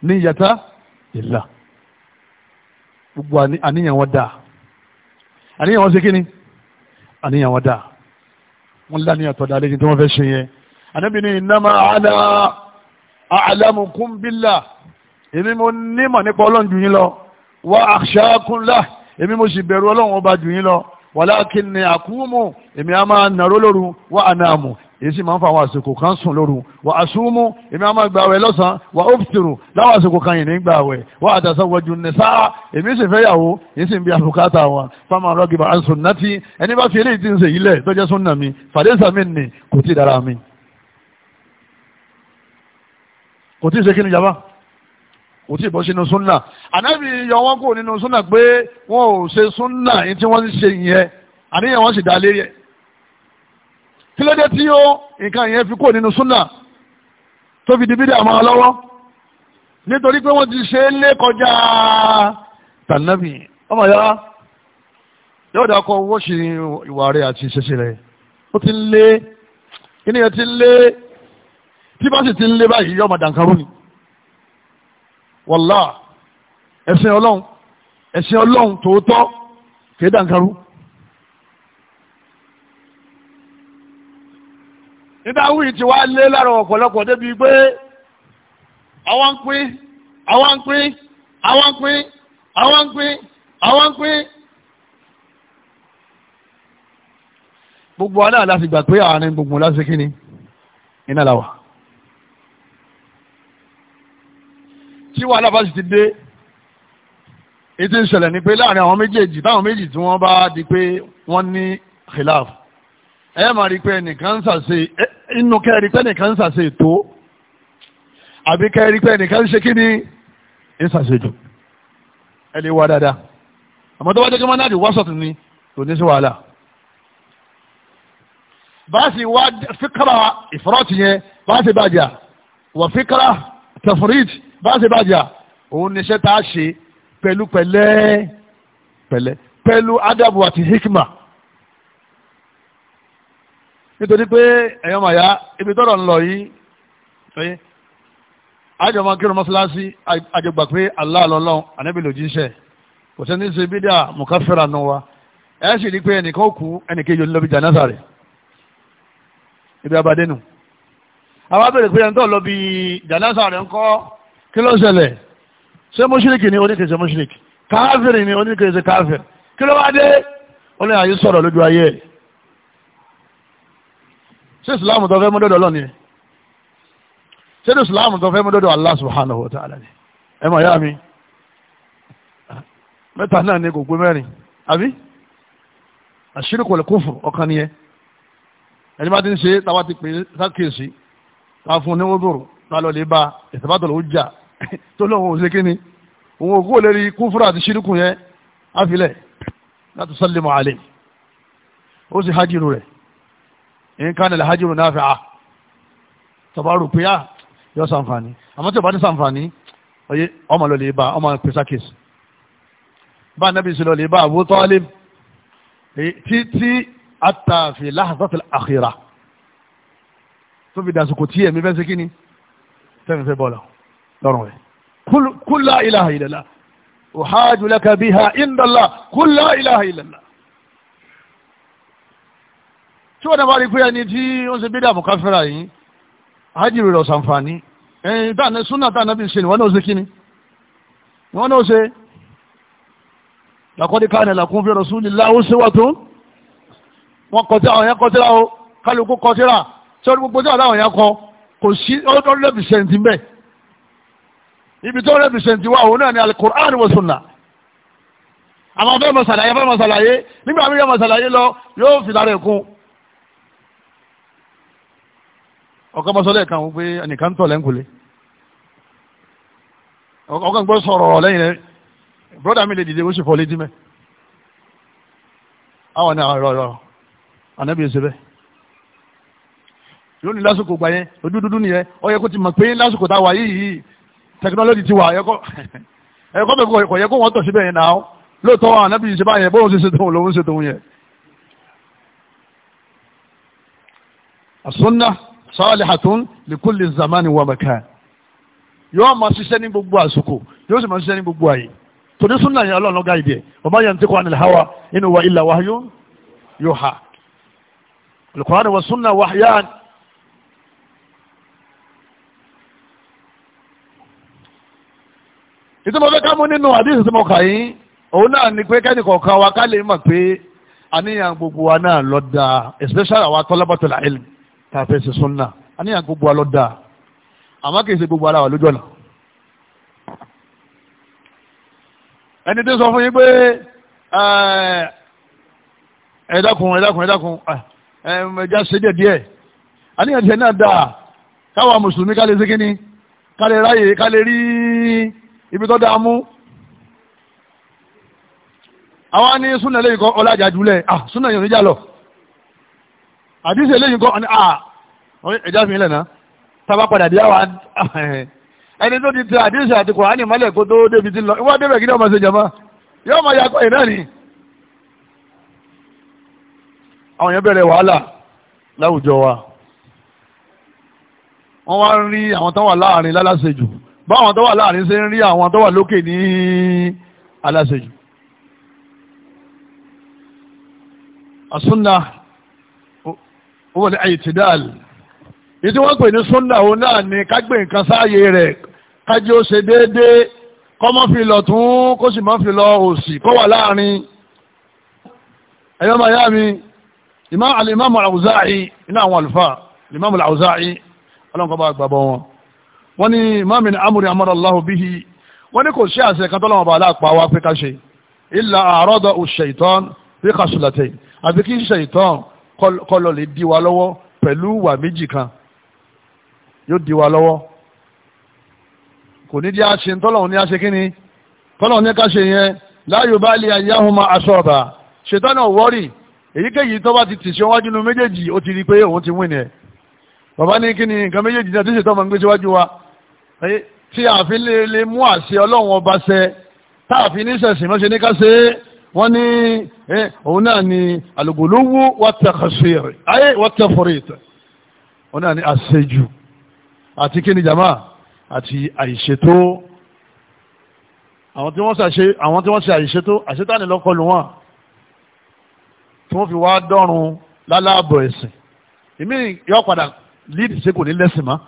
niyyata lillah gbogbo àníyàn wọn dáa àníyàn wọn ṣe kí ni àníyàn wọn dáa wọn lánìyàn tọ́da lẹ́yìn tí wọ́n fẹ́ ṣe yẹn ànábì ní innama ala a'lamukum billah èmi mo nímọ̀ nípa ọlọ́run jù yín lọ wa akhshakum lah èmi mo sì bẹ̀rù ọlọ́run ọba jù yín lọ walakinni akumu èmi a máa nàró lóru wa anamu èyí sì máa ń fa àwọn àsìkò kan sùn lóru wa asumu èmi a máa gba àwẹ̀ lọ́sàn wa oftiru láwọn àsìkò kan yìí ní gba àwẹ̀ wa atasawwaju nisa èmi sì fẹ́ yàwó èyí sì ń bí àbùkátà wa fáwọn rọ́gìbà an sunnati ẹni bá fi eléyìí ti ń ṣèyí lẹ̀ tó jẹ́ súnnà mi fàdé sàmì ni kò tí dára mi. kò tí ì ṣe kí ni jaba kò tí ì bọ́ sínú súnà ànábì yọ wọn kò nínú súnà pé wọn ò ṣe súnà yìí tí wọ́n ń ṣe yẹn àníyàn wọn sì dá lé yẹ kí ló dé tí ó nǹkan yẹn fi kò nínú súnà tó fi di bídà máa lọ́wọ́ nítorí pé wọ́n ti ṣe é lé kọjá tànàbì ọmọ yàrá yóò dá kọ owó ṣe ìwà rẹ àti ìṣẹṣẹ rẹ ó ti ń lé kí ni yẹn ti ń lé tí bá sì ti ń lé báyìí yọ màdà nǹkan rú ni wàlá ẹ̀sìn ọlọ́run ẹ̀sìn ọlọ́run tòótọ́ kìí dà nǹkan rú. nígbà wíì tí wàá lé lára ọ̀pọ̀lọpọ̀ débi pé àwọn ń pín àwọn ń pín àwọn ń pín àwọn ń pín àwọn ń pín. gbogbo aláàlá ti gbà pé àárín gbogbo lásìkí ni iná làwà. tí wàhálà bá sì ti dé ètò ìṣẹ̀lẹ̀ ni pé láàrin àwọn méjèèjì táwọn méjì tí wọ́n bá di pé wọ́n ní khilaf ẹ máa rí pé ẹnìkan ń ṣàṣe inú kẹrí pé ẹnìkan ṣàṣe ètò àbí kẹrí pé ẹnìkan ṣe kí ni ń ṣàṣe jù ẹ lè wá dáadáa àmọ́ tó bá jẹ́ kí wọ́n náà di wọ́sọ̀tún ni kò ní sí wàhálà. báàsì wá fíkàrà ìfọ́rọ̀tì yẹn báàsì bàjá wà fíkàrà tẹ̀fọ́rìtì báṣe bàjá òun níṣẹ́ tá a ṣe pẹ̀lú pẹ̀lẹ́ pẹ̀lẹ́ pẹ̀lú adabu àti hikma nítorí pé ẹ̀yọ́ màyá ibi tọ́rọ̀ ń lọ yìí àjọmọ kírun mọ́ṣáláṣí àjọgbà pé Allah lọ́lọ́run ànábì lòjíṣẹ́ kò sẹ́ni ṣe bídà mùkáfẹ́ra nù wa ẹ sì rí pé ẹnìkan kú ẹnìkejì olóbi jàǹdà rẹ̀ ibi abadé nù àwọn abẹ́rẹ́ pé ẹni tó lọ bí jàǹdà rẹ̀ ń kọ́ kí ló ṣẹlẹ̀ ṣé mọ́ṣíríkì ni oníkèsè mọ́ṣíríkì káfíìrì ni oníkèsè káfíìrì kí ló wá dé ó ní àyè sọ̀rọ̀ lójú ayé ẹ̀ ṣé ìsìláàmù tó fẹ́ mú dọ́dọ̀ lọ́ni ṣé ìsìláàmù tó fẹ́ mú dọ́dọ̀ Allah subhanahu wa ta'ala ni ẹ mọ̀ yá mi mẹ́ta náà ni kò gbé mẹ́rin àbí àṣírí kò lè kún fún ọkàn nìyẹn ẹni bá ti ń ṣe táwa ti pè é sákèsí táwa fún un ní wọ́n dòrò táwa lọ lè ba ìsìnbátò lòún jà tó lóun ò ṣe kí ni òun òkú lè rí kúfúrà àti ṣírùkù yẹn áfilẹ̀ láti sọ́lẹ̀mọ̀ àlè ó sì hajjìrù rẹ̀ nǹkan nílẹ̀ hajjìrù náà fẹ́ à tọba rò pé à ah, yọ sàǹfààní àmọ́ tí ò bá ní sàǹfààní oyè ọmọ lọ lè bá ọmọ pèsè bá nàbí sí lọ lè bá Abu Talib títí àtàfi láhàtàtà àkìrà tó fi dàsùkò tí ẹ̀mí fẹ́ sí kíni tẹ́mi fẹ́ bọ́ọ̀lù lọ́rùn rẹ̀ kul la ilaha illallah uhaju laka biha indallah kul la ilaha illallah. tí wọ́n dábàá rí pé ẹni tí ó ń ṣe bídà mùkáfẹ́ra yìí ájìrì rẹ̀ ọ̀sànfààní ẹ̀yìn tàà súnà tàà náà bí ṣe ni wọ́n náà ṣe kíni wọ́n náà ṣe laqad kana lakum fi rasulillahi uswatun wọ́n kọtí àwọn yẹn kọtí ra o kálukú kọtí ra tí wọ́n gbogbo tí àwọn yẹn kọ kò sí ọdún lẹ́bìsẹ̀ntì bẹ́ẹ̀ ibi tó rẹ́pìsẹ̀ntì wa òun náà ni alukur'an wa sunna àwọn fẹ́ mọ̀ sàlàyé fẹ́ mọ̀ sàlàyé nígbà mí yọ mọ̀ sàlàyé lọ yóò fi lára ẹ̀kún ọ̀kan mọ́sọ́lẹ̀ kan wọ́n pé ẹnìkan ń tọ̀ lẹ́ńkulé ọ̀kan gbọ́ sọ̀rọ̀ ọ̀rọ̀ lẹ́yìn rẹ̀ brọ́dà mi lè dìde ó sì fọ́ létí mẹ́ àwọn náà rọ̀ rọ̀ ànábìyẹ ṣe bẹ́ẹ̀ yóò ní lásìkò gbà yẹn ojú dúdú nìyẹn ó yẹ kó ti mọ̀ pé lásìkò táwa yìí yìí technology ti wà ẹ̀kọ́ ẹ̀kọ́ bẹ̀ kò yẹ kó wọ́n tọ̀ síbẹ̀ yẹn náà lóòótọ́ ànábì ṣe báyẹn bóun ṣe ṣe tóun lòun ṣe tóun yẹn. àsúnná salihatun likulli zamani wa makan yóò máa ṣiṣẹ́ ní gbogbo àsìkò yóò sì máa ṣiṣẹ́ ní gbogbo àyè tòní súnà yẹn ọlọ́run lọ́gá ìdí ọba yẹn ti kọ́ ànil hawa inú wa illa wahyun yuha al-Qur'an wa súnà wàhálà ìtí mo fẹ́ ká mú nínú àdéhùn tí mo kà yín òun náà ni pé kẹ́nìkọ̀ọ̀kan wa ká lè mọ̀ pé àníyàn gbogbo wa náà lọ dáa especially àwa tọ́lábàtọ́lá ẹ̀lì tá a fẹ́ ṣe súnà àníyàn gbogbo wa lọ dáa àmọ́ kì í ṣe gbogbo ara wa lójú ọ̀nà. ẹni tí ń sọ fún yín pé ẹ dákun ẹ dákun ẹ dákun ẹ já ṣe díẹ̀ díẹ̀ àníyàn tiẹ̀ náà dáa káwa mùsùlùmí ká lè ṣe kínní ká lè ráyè ká lè rí ibi tó dáa mú àwọn ní súnà lẹ́yìn kan ọlájà ah súnà yìí oníjà lọ àdíṣe lẹ́yìn kan ah ẹjá fi ilẹ̀ náà tábà padà dí àwọn ẹni tó ti tẹ àdíṣe àti kòránì mọ́lẹ̀ kó tó débi ti lọ ìwọ́n débẹ̀ kí ni ọmọ ṣe jẹma yóò máa yakọ ẹ̀ náà ni àwọn èèyàn bẹ̀rẹ̀ wàhálà láwùjọ wa wọ́n wá ń rí àwọn tán wà láàrin lálásejù báwọn tó wà láàrin ṣe ń rí àwọn tó wà lókè ní aláṣejù asúnà owó ní àìtìdáàlì ìdí wọ́n pè ní súnà òun náà ni kágbé nǹkan sáàyè rẹ̀ kájí ó ṣe déédéé kọ́ mọ́ fi lọ tún kó sì mọ́ fi lọ òsì kó wà láàrin ẹ̀yọ́ máa mi ìmáàmù al iná àwọn àlùfáà ìmáàmù al ọlọ́nkọ́ bá gbàgbọ́ wọn wọ́n ní ma min amúrin amọ́dọ̀láhù bihi wọ́n ní kò sí àṣẹ kan tọ́lọ́wọ́ bá aláàpá wa pé ká ṣe ilà àárọ̀dọ̀ òṣèìtàn bí kàṣùlàtẹ̀ àbí kí ṣèìtàn kọlọ lè di wa lọ́wọ́ pẹ̀lú wà méjì kan yóò di wa lọ́wọ́ kò ní di àṣẹ tọ́lọ́wọ́ ní àṣẹ kíni tọ́lọ́wọ́ ní ká ṣe yẹn láyò bá lè ayáhùnmá aṣọ ọ̀bà ṣètàn náà wọ́rì èyíkéyìí tó bá ti tì tí a fi lè lè mú àṣẹ ọlọ́run ọba ṣẹ tá a fi ní sẹ̀sìn mọ́ṣe ní káṣe wọ́n ní òun náà ni alùgbòlówó wàtàkàṣẹ́rẹ̀ ayé wàtàfọ̀rẹ̀tà òun náà ni àṣejù àti kí ni jama àti àìṣètò àwọn tí wọ́n ṣe àìṣètò àṣetánì lọ́kọlù wọn tí wọ́n fi wá dọ́run lálábọ̀ ẹ̀sìn ìmí yọ padà lídìí sí kò ní lẹ́sìn máa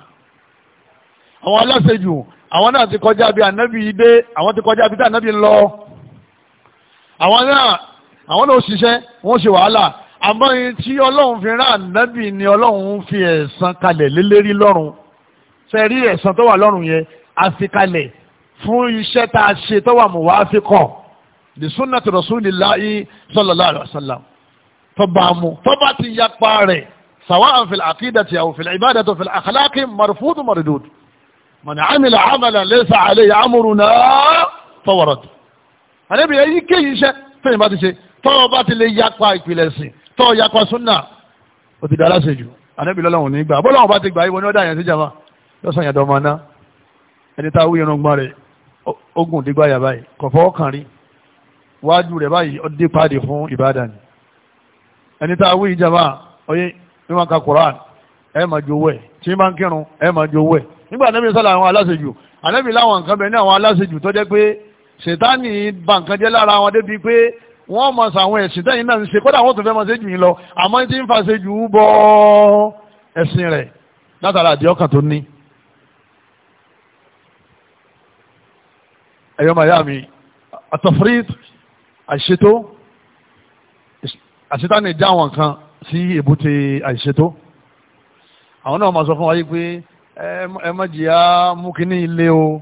àwọn aláṣejù àwọn náà ti kọjá bí ànábì dé àwọn ti kọjá bí ànábì ń lọ àwọn náà àwọn náà ṣiṣẹ́ wọ́n ṣe wàhálà àmọ́ yìí tí ọlọ́run fi rán ànábì ni ọlọ́run fi ẹ̀san kalẹ̀ lélẹ́rí lọ́rùn ṣe rí ẹ̀san tó wà lọ́rùn yẹn àfikalẹ̀ fún iṣẹ́ tá a ṣe tó wà mọ̀ wá fi kọ̀ lè súnà tó rasulillahi sallallahu alaihi wasallam tó bá mu tó bá ti yapa rẹ̀ sawa'an fil aqidati aw fil ibadati fil akhlaqi marfudu mardudu mọ̀nà àmìlà àmàlà lẹ́sà àlẹ́ àmúrù náà fọwọ́rọ̀ tó. àlẹ́bí ẹyí kéyìí iṣẹ́ fẹ́yìn bá ti ṣe tọ́wọ́ bá ti lè yapa ìpìlẹ̀ sí tọ́wọ́ yapa súnà ó ti di aláṣejù àlẹ́bí lọ́lọ́wọ̀n ní gbà bọ́lọ́wọ̀n bá ti gbà ìwọ ni ó dá yẹn sí jama lọ́sàn yàtọ̀ ọmọ náà ẹni tá a wúyẹn ọgbọ́n rẹ̀ ogun dígbà yà báyìí kọ̀fọ́ kàn rí wájú rẹ̀ báyìí ó dé pàdé nígbà anábì sọ̀rọ̀ àwọn aláṣejù anábì láwọn nǹkan bẹ̀ ní àwọn aláṣejù tó jẹ́ pé ṣètánì ba nǹkan jẹ́ lára wọn débi pé wọ́n mọ̀ sàwọn ẹ̀sìn tẹ́yìn náà ń ṣe kódà wọ́n tún fẹ́ mọ̀ séjù yìí lọ àmọ́ tí ń fa séjù bọ ẹ̀sìn rẹ̀ látara àdìẹ́ ọkàn tó ní. ẹ̀yọ́ màyá mi àtọ̀frit àṣetó àṣetánì já àwọn kan sí èbúté àṣetó àwọn náà máa sọ fún wa pé ẹ má jìyà mú ilé o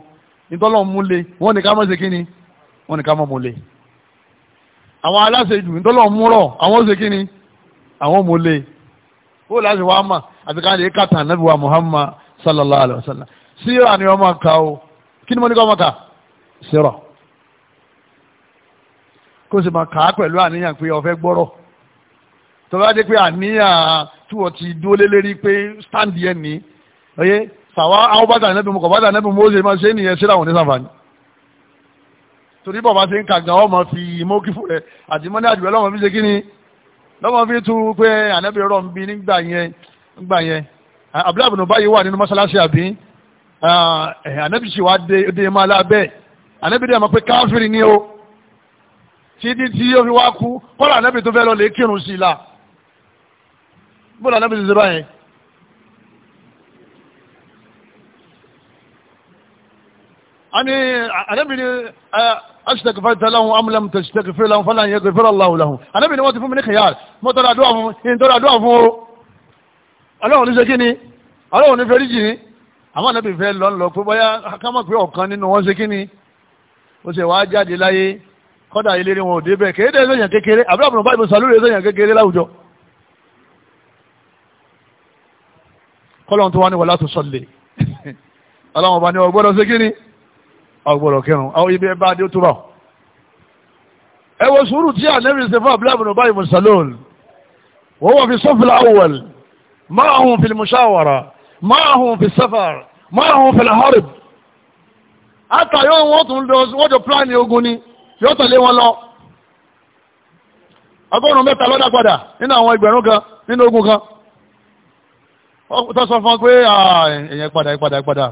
nítọ́lọ̀ mú lé wọ́n ní ká má ṣe kíní wọ́n ní ká má mú lé àwọn aláṣejù nítọ́lọ̀ mú rọ̀ àwọn ṣe kíní àwọn mú lé ó láti wá mà àti ká lè kàtà nàbí wa Muhammad sallallahu alayhi wa sallam síra ni wọ́n máa ka o kí ni mo ní kọ́ máa kà síra kó sì máa kà á pẹ̀lú àníyàn pé ó gbọ́rọ̀ tọ́lá dé pé àníyàn ti dúró lé lérí pé stand yẹn nìí oye sàwa àwọn bàtà ànábì mu kọ bàtà ànábì mu ó ṣe máa ṣe é nìyẹn síra wọn ní sàǹfààní torí bàbá ṣe ń kàgbà ọmọ fi mọ́kífù rẹ̀ àti mọ́ní àdìbẹ́ lọ́mọ fi ṣe kí ni lọ́mọ fi tu pé ànábì rọ̀ ń bi nígbà yẹn nígbà yẹn abúlé àbùnú báyìí wà nínú mọ́ṣáláṣí àbí ànábì sì wá dé máa lábẹ́ ànábì dé àmọ́ pé káfíìrì ni o títí tí ó fi wá kú kọ́lá ànábì tó fẹ́ lọ lè kírun sí i la bó lànábì ani anabi ni asitakifata lahun amulam tasitakifira lahun falan yẹ gbẹfẹrẹ lahu lahun anabi ni wọn ti fún mi ní kẹyà mo tọrọ àdúrà fún yín tọrọ àdúrà fún o ọlọ́run ní sekí ni ọlọ́run ní fẹ́rí jì ní àwọn anabi fẹ́ lọ lọ pé bóyá kámọ̀ pé ọ̀kan nínú wọn sekí ni ó sì wá jáde láyé kọ́dà ilé wọn ò débẹ̀ kéde ẹ̀sọ́yàn kékeré àbúrò àbúrò báyìí mo sàlúrò ẹ̀sọ́yàn kékeré láwùjọ kọ́lọ́run tó wá ní wọlá tó sọ lè ọlọ́run ọba ni ọgbọ́dọ̀ sekí ni ọgbọ̀rọ̀ kẹrùn àwọn ibi ẹbá adé tó bá ẹ wo sùúrù tí ànẹ́bì ṣe fún abúláàbùn ọba ìmùsàlóòn wọ́n wọ́n fi sọ́fìlà awọ̀l máa hùn fi mùsàwàrà máa hùn fi safar máa hùn fi laharib àtàyọ̀ wọn tún lọ wọ́n jọ pílánì ogun ni yóò tẹ̀lé wọn lọ ọgọ́rùn-ún mẹ́ta lọ́dà padà nínú àwọn ẹgbẹ̀rún kan nínú ogun kan tó sọ fún wọn pé èèyàn ah, padà padà padà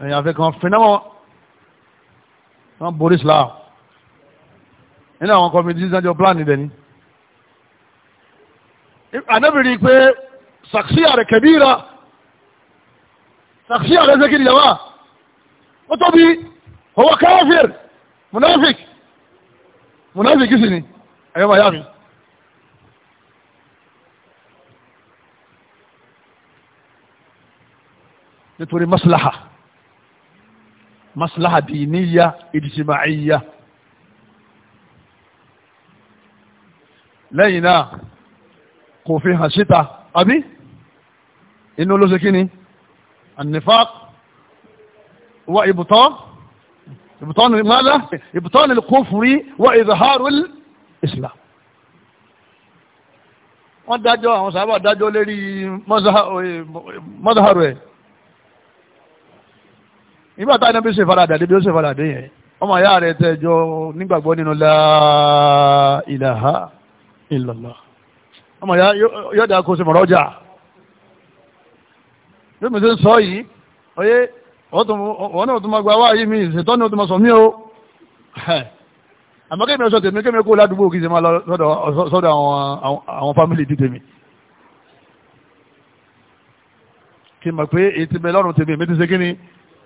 èèyàn àfikàn fìnnáwọ́ wọ́n borí Islam nínú àwọn kọ́mìtì ìdájọ́ plan dẹ̀ ni anábìrì pé sàkíyà rẹ̀ kẹ̀bíra sàkíyà rẹ̀ ṣe kí nìyàwó ó tóbi owó káfíìr munafik munafik sì ni ẹ̀yọ́ bàyá mi. nítorí maslaha maslaha diniya ijtimaiya lẹ́yìn náà kò fi hàn síta àbí inú ló ṣe kíni annifaq wa ibtan ibtan mada ibtan al-kufri wa izhar al-islam wọ́n dájọ́ àwọn sábà dájọ́ lérí mọ́záhàrù eh, ẹ̀ nígbà tá ànábì ṣe faradà débi ó ṣe faradà yẹn ọmọ ayá rẹ̀ tẹjọ nígbàgbọ́ nínú la ilaha illallah ọmọ ayá yọ̀dà kò sí mọ̀rọ̀ ọjà bí mo ṣe ń sọ yìí oyé wọ́n náà tún máa gba wáyé mi ìṣètọ́ náà tún máa sọ mí o àmọ́ kémi ọ̀sọ̀ tèmi kémi kó ládùúgbò kí n ṣe máa lọ sọ́dọ̀ àwọn fámìlì tí tèmi kí n mọ̀ pé èyí ti bẹ lọ́rùn tèmi èmi ti kí ni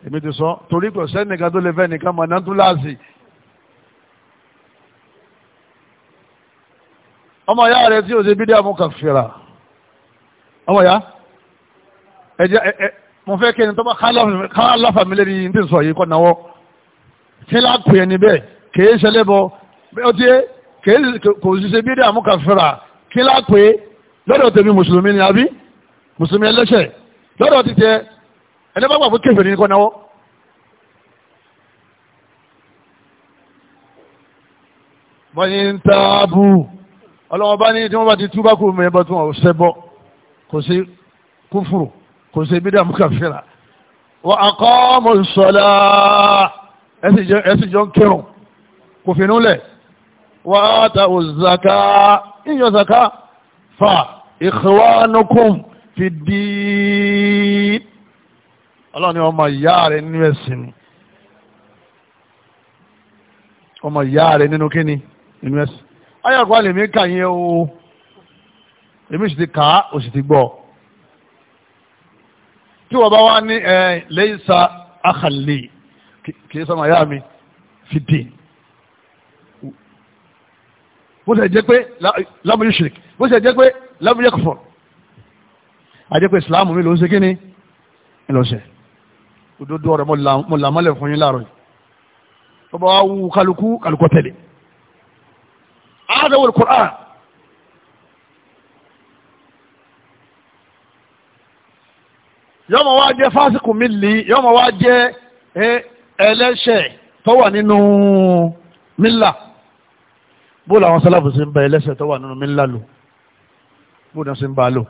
èmi ti sọ torí kò sẹ́nìkan tó lè fẹ́ nìkan mọ̀ náà tún láàsì. ọmọ ya rẹ tí o ṣe bídẹ́ àmú kàfìrà ọmọ ya ẹjẹ ẹ mo fẹ́ kí ẹni tó bá ká láfa mi lẹ́ni ní sọ yìí kọ́ náwọ́ kí lápè ẹni bẹ́ẹ̀ kèé ṣẹlẹ̀ bọ́ ó ti kò sì ṣe bídẹ́ àmú kàfìrà kí lápè lọ́dọ̀ tèmi mùsùlùmí ni àbí mùsùlùmí ẹlẹ́ṣẹ̀ lọ́dọ̀ ti tẹ ẹni bá gbà fún kèfèrí ní kọ́ náwó ń tààbù ọlọ́wọ́ ní tí wọ́n bá ti túbá kú mẹ́rin bá tún ọ̀ sẹ́bọ̀ kò sí kúfùrù kò sí bídà mú kàfíra wọ́n akọ́mọ̀ sọ́lá ẹ̀sìn jọ ń kírun kò fi núlẹ̀ wọ́n ata òzàká ìyọ̀ zàká fa ìkọwánukùn fi dìí ọlọ́run ni ọmọ ìyá rẹ̀ nínú ẹ̀sìn ni ọmọ ìyá rẹ̀ nínú kíni nínú ẹ̀sìn ayọ̀kọ́ àlèmí kà yín o èmi sì ti kà á o sì ti gbọ́ tí wọ́n bá wá ní ẹ lẹ́yìn sa àkàlè kì í sọmọ ìyá mi fìdí bó ṣe jẹ́ pé lámúyú ṣìrìk bó ṣe jẹ́ pé lámúyú kọ̀fọ̀ àjẹpẹ́ ìsìláàmù mi ló ń ṣe kíni ẹ lọ́sẹ̀ òdodo ọ̀rọ̀ mo làmọ́lẹ̀ fún yín láàrọ̀ yìí bọ́bá wa wú kálukú kálukú tẹ̀lé àádọ́wò kọ́ra yọ́mọ̀ wá jẹ́ fásikù mi lì yọ́mọ̀ wá jẹ́ ẹlẹ́ṣẹ̀ tó wà nínú mílà bóòlù àwọn sálàfù sí ń bẹ ẹlẹ́ṣẹ̀ tó wà nínú mílà lò bóòlù sí ń bá lò.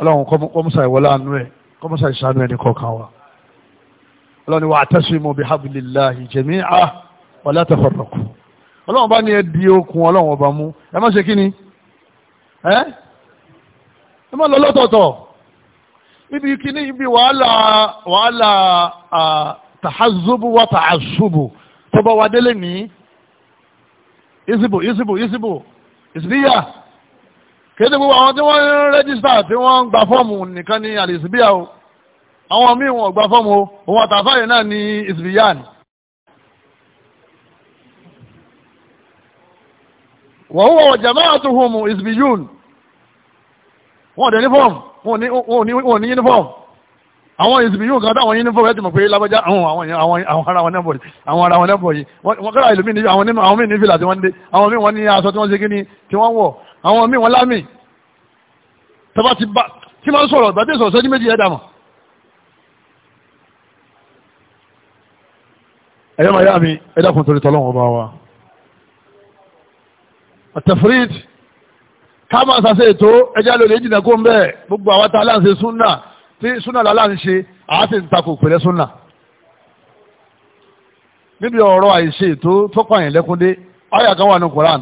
ọlọ́run kọ́mọ́sà ìwọlá àánú ẹ̀ kọ́mọ́sà ìṣàánú ẹni kọ̀ọ̀kan wa ọlọ́run wa atasimu bihablillahi jami'a wala tafarraqu ọlọ́run bá ní ẹ di okùn ọlọ́run ọba mú ẹ má ṣe kíni ẹ ẹ má lọ lọ́tọ̀ọ̀tọ̀ ibi kíní ibi wàhálà wàhálà tàhazúbù wà tàhazúbù tọ́ba wa délé ní ìsìbò ìsìbò ìsìbò ìsìbíyà kéde gbogbo àwọn tí wọ́n ń rẹ́jísítà tí wọ́n ń gba fọ́ọ̀mù nìkan ní àlèsìbíà o àwọn míì wọn gba fọ́ọ̀mù o òun àtàfáyé náà ní ìsìbíyàn. wọ́n wọ̀ wọ́n ò dé ní wọ́n ò ní uniform àwọn ìsìnkú yóò kan táwọn yúnífọ̀mù ẹ̀ ti mọ̀ pé lábọ́já àwọn ara wọn nẹ́bọ̀ yìí àwọn ara wọn nẹ́bọ̀ yìí wọ́n kára ìlú mi níbi àwọn nínú àwọn míì níbi láti wọ́n dé àwọn míì wọ́n ní aṣọ tí wọ́n ṣe kí ni tí wọ́n wọ̀ àwọn míì wọ́n lámì tọ́ba ti bá tí máa ń sọ̀rọ̀ gbàdé sọ̀rọ̀ sẹ́jú méjì ẹ̀dà mọ̀. ẹ̀yọ́ màá yá mi ẹ dákun torí tọ́lọ́wọ́n bá wa. àtẹ̀fríd ká máa ṣàṣe ètò ẹjá lórí èjìnà kó ń bẹ́ẹ̀ gbogbo àwọn tá a láǹṣe súnà tí súnà lálá ń ṣe àá sì ń takò pẹ̀lẹ́ súnà níbi ọ̀rọ̀ àìṣe tó tọ́pọ̀ àyìn lẹ́kúndé àyà kan wà ní Qur'an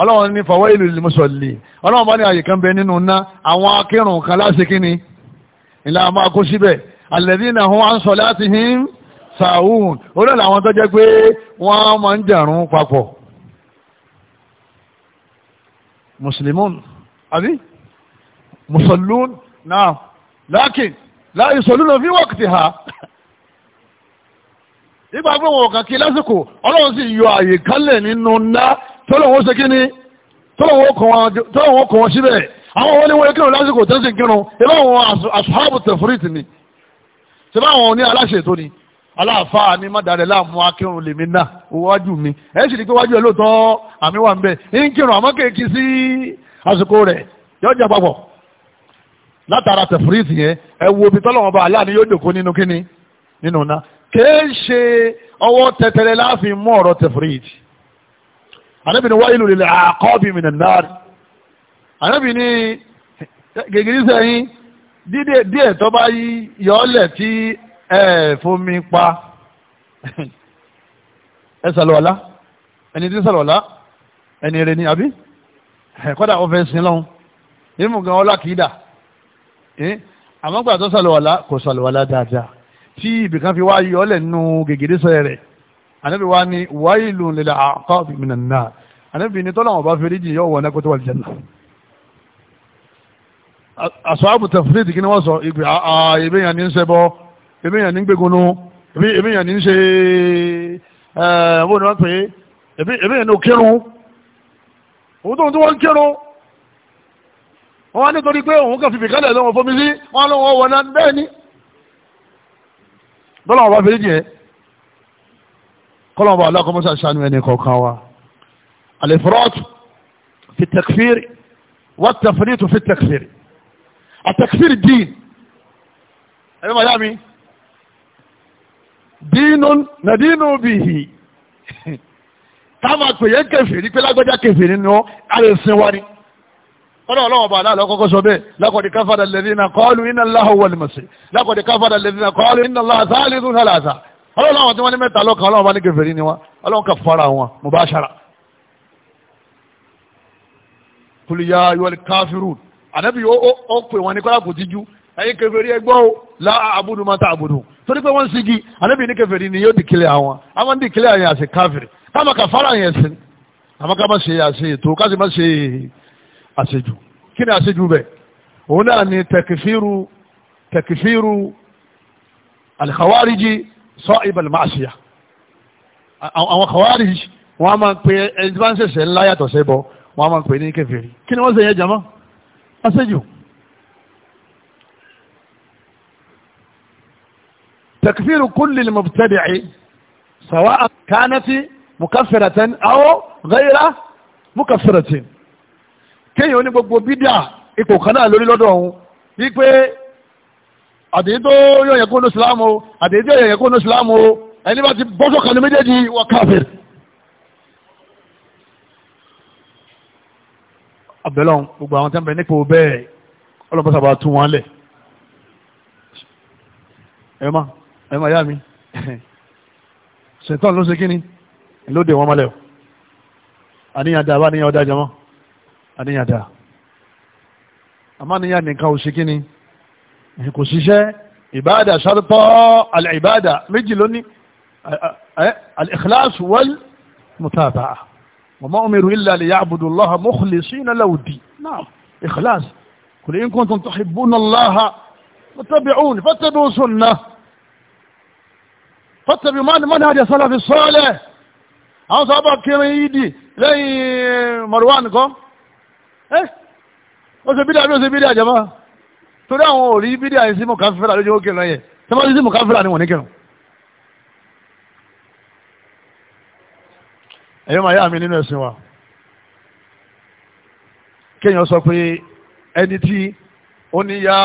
ọlọ́run ní fàwọ́ ìlú lil musalli ọlọ́run bá ní àyè kan bẹ nínú ná àwọn akẹ́rùn kan láti kíni ìlà máa kó síbẹ̀ alladhina hum an salatihim sahun olóòlù àwọn tó jẹ́ pé wọ́n máa ń jẹ̀rún papọ̀ muslimun àbí musallun náà lákìn láì sọ̀lúnà fi wọ́kìtì ha nígbà pé wọn kàkí lásìkò ọlọ́run sì yọ àyè kálẹ̀ nínú ńlá tọ́lọ̀wọ́ ṣe kíní tọ́lọ̀wọ́ kọ̀ wọn síbẹ̀ àwọn wọn ni wọ́n kírun lásìkò tó ń sì kírun ẹbá wọn ni ṣe bá wọn ní aláṣẹ tó ni aláàfáà ni má dàrẹ láàmú akírun lèmi náà mi ẹ sì ní pé wájú ẹ lóòótọ́ àmì wà ń bẹ ń kírun àmọ́ kéèkì sí àsìkò rẹ̀ látara tẹ̀fúrìtì yẹn ẹ wo ibi tọ́lọ́wọ́n bá aláàánú yóò dòkó nínú kíni nínú ná kèé ṣe ọwọ́ tẹtẹrẹ láàfin mú ọ̀rọ̀ tẹ̀fúrìtì ànábì ní wáyé lulẹ̀ àkọ́bí mi nàndárì ànábì ní gègìrì sẹ́yìn díẹ̀ tó bá yọ ọ́lẹ̀ tí ẹ fomi pa ẹ sàlọ́ọ̀lá ẹni tí sàlọ́ọ̀lá ẹni rẹ ni àbí kọ́dà ọ̀fẹ́ sin lọ́hùn ìmùgàn ọlá kìí dà Eh? àmọ́ gbà tó sàlùwàlá kò sàlùwàlá dáadáa tí ibìkan fi wá yọ ọ́lẹ̀ nínú gègédé sọ̀rẹ̀ rẹ̀ ànábì wá ní wáìlù lil a'qab minan nar ànábì ní tọ́lọ́wọ̀n bá fẹ́rí jì yọ wọ̀ náà kó tó wà lìjẹ̀ náà asọ́àbù tẹ̀fúrẹ́tì kí ni wọ́n sọ ibi àà ebi yàn ní ń ṣẹbọ ebi yàn ní wọ́n wá nítorí pé òun kàn fìfì kálẹ̀ lọ́wọ́ fomi sí wọ́n lọ́wọ́ wọ̀ náà bẹ́ẹ̀ ni bọ́lá wọn bá fi jẹ́ kọ́lọ́wọ́ alákọ̀mọ́sá ṣàánú ẹni kọ̀ọ̀kan wa alifrọ́tù fi tẹ̀kfíìrì wọ́n tẹ̀fìrìtù fi tẹ̀kfíìrì àtẹ̀kfíìrì dín ẹ̀yọ́ màdá mi dínú nàdínú bìhì táwọn àpèyẹ kẹfìrí pé lágbájá kẹfìrí ni wọ́n á lè kọ́nà ọlọ́wọ́n bá aláàlọ́ kọ́kọ́ sọ bẹ́ẹ̀ lákọ̀dí káfàdà lẹ́dínà kọ́ọ̀lù iná láhùn wọlùmọ̀sí lákọ̀dí káfàdà lẹ́dínà kọ́ọ̀lù iná láhùn sáàlìsùn sàlàsà ọlọ́wọ́n tí wọ́n ní mẹ́ta lọ́kàn ọlọ́wọ́n bá ní kẹfẹ́rí ni wọn ọlọ́wọ́n kà fara wọn mubashara. kùlìyà yọlì káfírù ànábì ó pè wọn ní kọ́lá kò tijú ẹ̀yin kẹfẹ́rí ẹgbọ́ o la àbùdù máa ta àbùdù torí pé wọ́n sigi ànábì ní kẹfẹ́rí ni yóò dìkìlẹ̀ àwọn àwọn dìkìlẹ̀ àyàn àti káfírì káàmà kà fara yẹn sí àmọ́ ká ṣe àṣe ètò ṣe àṣejù kí ni àṣejù bẹ̀ òun náà ni tẹkifíru tẹkifíru alìkàwáríjì sọ ìbàlì máa ṣe yà àwọn kàwáríjì wọ́n a máa pe ẹni tí wọ́n ń ṣẹ̀ṣẹ̀ ńlá yàtọ̀ a máa pe ní kèfèrí kí ni wọ́n ṣe yẹn jàmọ́ àṣejù تكفير كل المبتدع سواء كانت مكفرة أو غير مكفرة kéèyàn ní gbogbo bídíà ipò kan náà lórí lọ́dọ̀ òun wípé àdéhùn tó yọ̀yẹ̀ kó ní Islam o àdéhùn tó yọ̀yẹ̀ kó ní Islam o ẹni bá ti bọ́sọ̀ kan ní méjèèjì wà káfíìn. abẹ́lọ́n gbogbo àwọn tẹ́ǹpẹ̀ nípò bẹ́ẹ̀ ọlọ́pàá tún wọn lẹ̀ ẹ̀mà ẹ̀mà yá mi ṣètọ́n ló ṣe kí ni lóde wọn mọ́lẹ̀ o àníyàn dá àbá níyàn ọ̀dá àníyàn dá àmọ́ àníyàn nìkan ò sí kíni kò ṣiṣẹ́ ìbáàdà sharta al-ìbáàdà méjì lónìí al-ikhlas wal mutaba'a wa ma umiru illa liya'budu allaha mukhlisina lahu ddin na'am ikhlas qul in kuntum tuhibbuna allaha fattabi'uni fattabi'u sunnah fattabi'u manhaja salafi salih àwọn sábà kiri yìí lẹ́yìn marwan ẹ́ ó ṣe bídà bí ó ṣe bídà jẹ́mọ́ torí àwọn ò rí bídà yìí sí mùkáfífẹ́rà lójú ó kìrìnà yẹ tí wọ́n ti sí mùkáfífẹ́rà ni wọ́n ní kìrìn. ẹ̀yọ́ màá yá mi nínú ẹ̀sìn wa kéèyàn sọ pé ẹni tí ó ní yá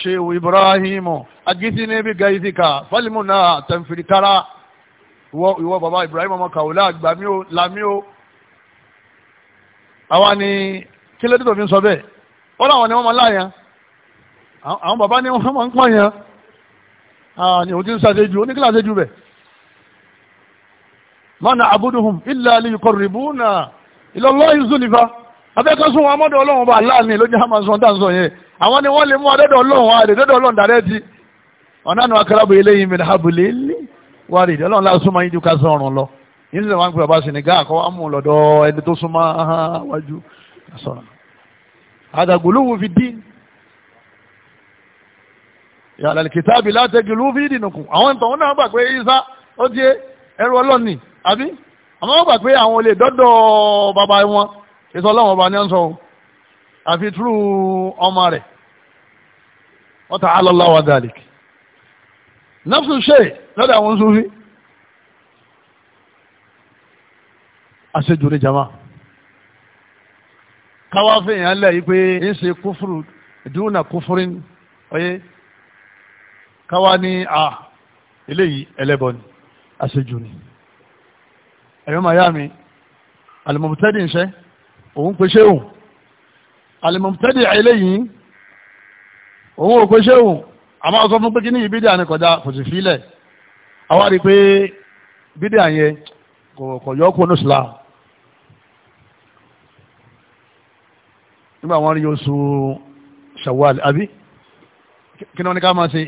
ṣèwò Ibrahim agídíní bí gaizika fálímù náà tẹ̀mfìrìkára ìwọ bàbá Ibrahim ọmọ kàwé láàgbà mi ó làmí ó àwa ni kí ló dé tó fi ń sọ bẹ́ẹ̀ ó láwọn ni wọ́n máa láàyàn àwọn bàbá ni wọ́n máa ń pọ̀ yàn ni òun ti ń sàṣejù ó ní kí láṣẹ jù bẹ̀. mana abuduhum illa li yuqarribuna ila Allahi zulfa abẹ́kọ́ sún wọn mọ́dọ̀ ọlọ́run bá láàrin ló àmà sọ dáńsọ yẹn àwọn ni wọ́n lè mú adọ́dọ̀ ọlọ́run wa rè dọ́dọ̀ ọlọ́run dàrẹ́ ti ọ̀nà nu akarabu eléyìí mi nàá bùlé lé wa rè ọlọ́run láti súnmọ́ yín ju ká sọ̀rùn lọ yín sì wọ́n ń pè bàbá sinigá àkọ́wọ́ amú lọ́dọ̀ ẹni tó súnmọ́ wájú sọ̀rọ̀. هذا غلو في الدين يا على الكتاب لا تغلو في دينكم àwọn tó náà gbà pé Isa ó di ẹrú Ọlọ́run ni àbí àwọn gbà pé àwọn lè dọ́dọ̀ bàbá wọn èso Ọlọ́run ọba ni ó ń sọ àfi túrú ọmọ rẹ̀ wa ta'ala Allah wa dhalik nafsu shay lọ́dọ̀ àwọn Sufi àṣejù ni jama káwá fi èèyàn lẹ̀ yìí pé ń ṣe kúfúrú dúnà kúfúrín ọyẹ káwá ní à eléyìí ẹlẹ́bọ ni àṣejù ni mi alimọ̀mùtẹ́dì ń ṣẹ́ òun pe ṣéhùn alimọ̀mùtẹ́dì eléyìí òun ò pe ṣéhùn àmọ́ ọ̀sọ́ fún pé kí ní ibi díà ní kọjá kò sì àwa rí i pé nígbà wọn rí oṣù Shawwal àbí kí ni wọ́n ní ká máa ṣe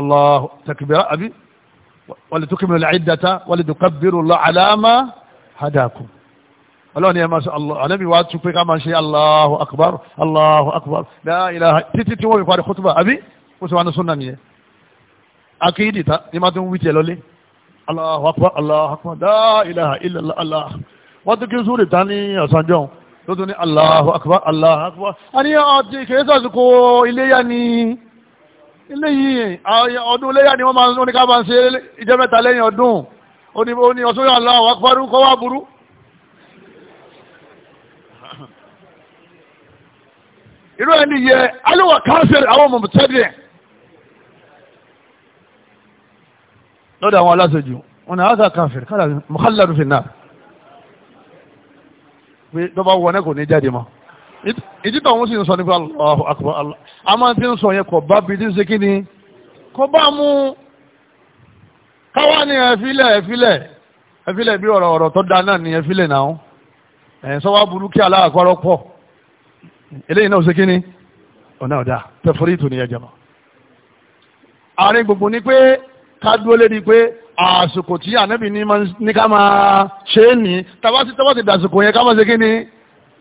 Allahu takbira àbí wàlẹ̀ tó kìmìlẹ̀ àìdàta wàlẹ̀ tó kábírù lọ àlàmà hadakum ọlọ́ni ẹ máa ṣe alẹ́bí wa tún pé ká máa ṣe Allahu akbar Allahu akbar la ilaha títí tí wọ́n fi parí kútùbà àbí ó sì wá ní súnà nìyẹn akéèdì ta ní máa tún wí tiẹ̀ Allahu akbar Allahu akbar la ilaha illallah wọ́n tún kí sùúrù ta ní ọ̀sánjọ́ tó tún ní Allahu Akbar Allahu Akbar a ní ah, ọdún kìí sàsìkò iléyà ni iléyìí ọdún iléyà ni wọ́n máa ń ní ká bá ń ṣe ìjẹ́ mẹ́ta lẹ́yìn ọdún ó ní ọ̀sán yà Allahu Akbar kọ́ wá burú. irú ẹni yẹ alówà káfíìrì àwọn ọmọ tẹ́lẹ̀ lọ́dọ̀ àwọn aláṣẹ wọn ni àwọn káfíìrì kálá mọ́kànlá rúfin náà. pé dọ́bà wọ náà kò ní jáde mọ́ ìdítọ̀ sì ń sọ nípa a máa ti ń sọ yẹn bá bi kí ni kò bá mú káwá ni ẹ̀fílẹ̀ ẹ̀fílẹ̀ ọrọ bí ọ̀rọ̀ ọ̀rọ̀ tó da náà ni ẹ̀fílẹ̀ náà ẹ̀ sọ́wọ́ burú kí ni ọ̀nà ọ̀dà gbogbo ni pé ká dúró àsìkò tí ànábì ní ká máa ṣe é ní tàbá ti dàsìkò yẹn ká máa ṣe kí ni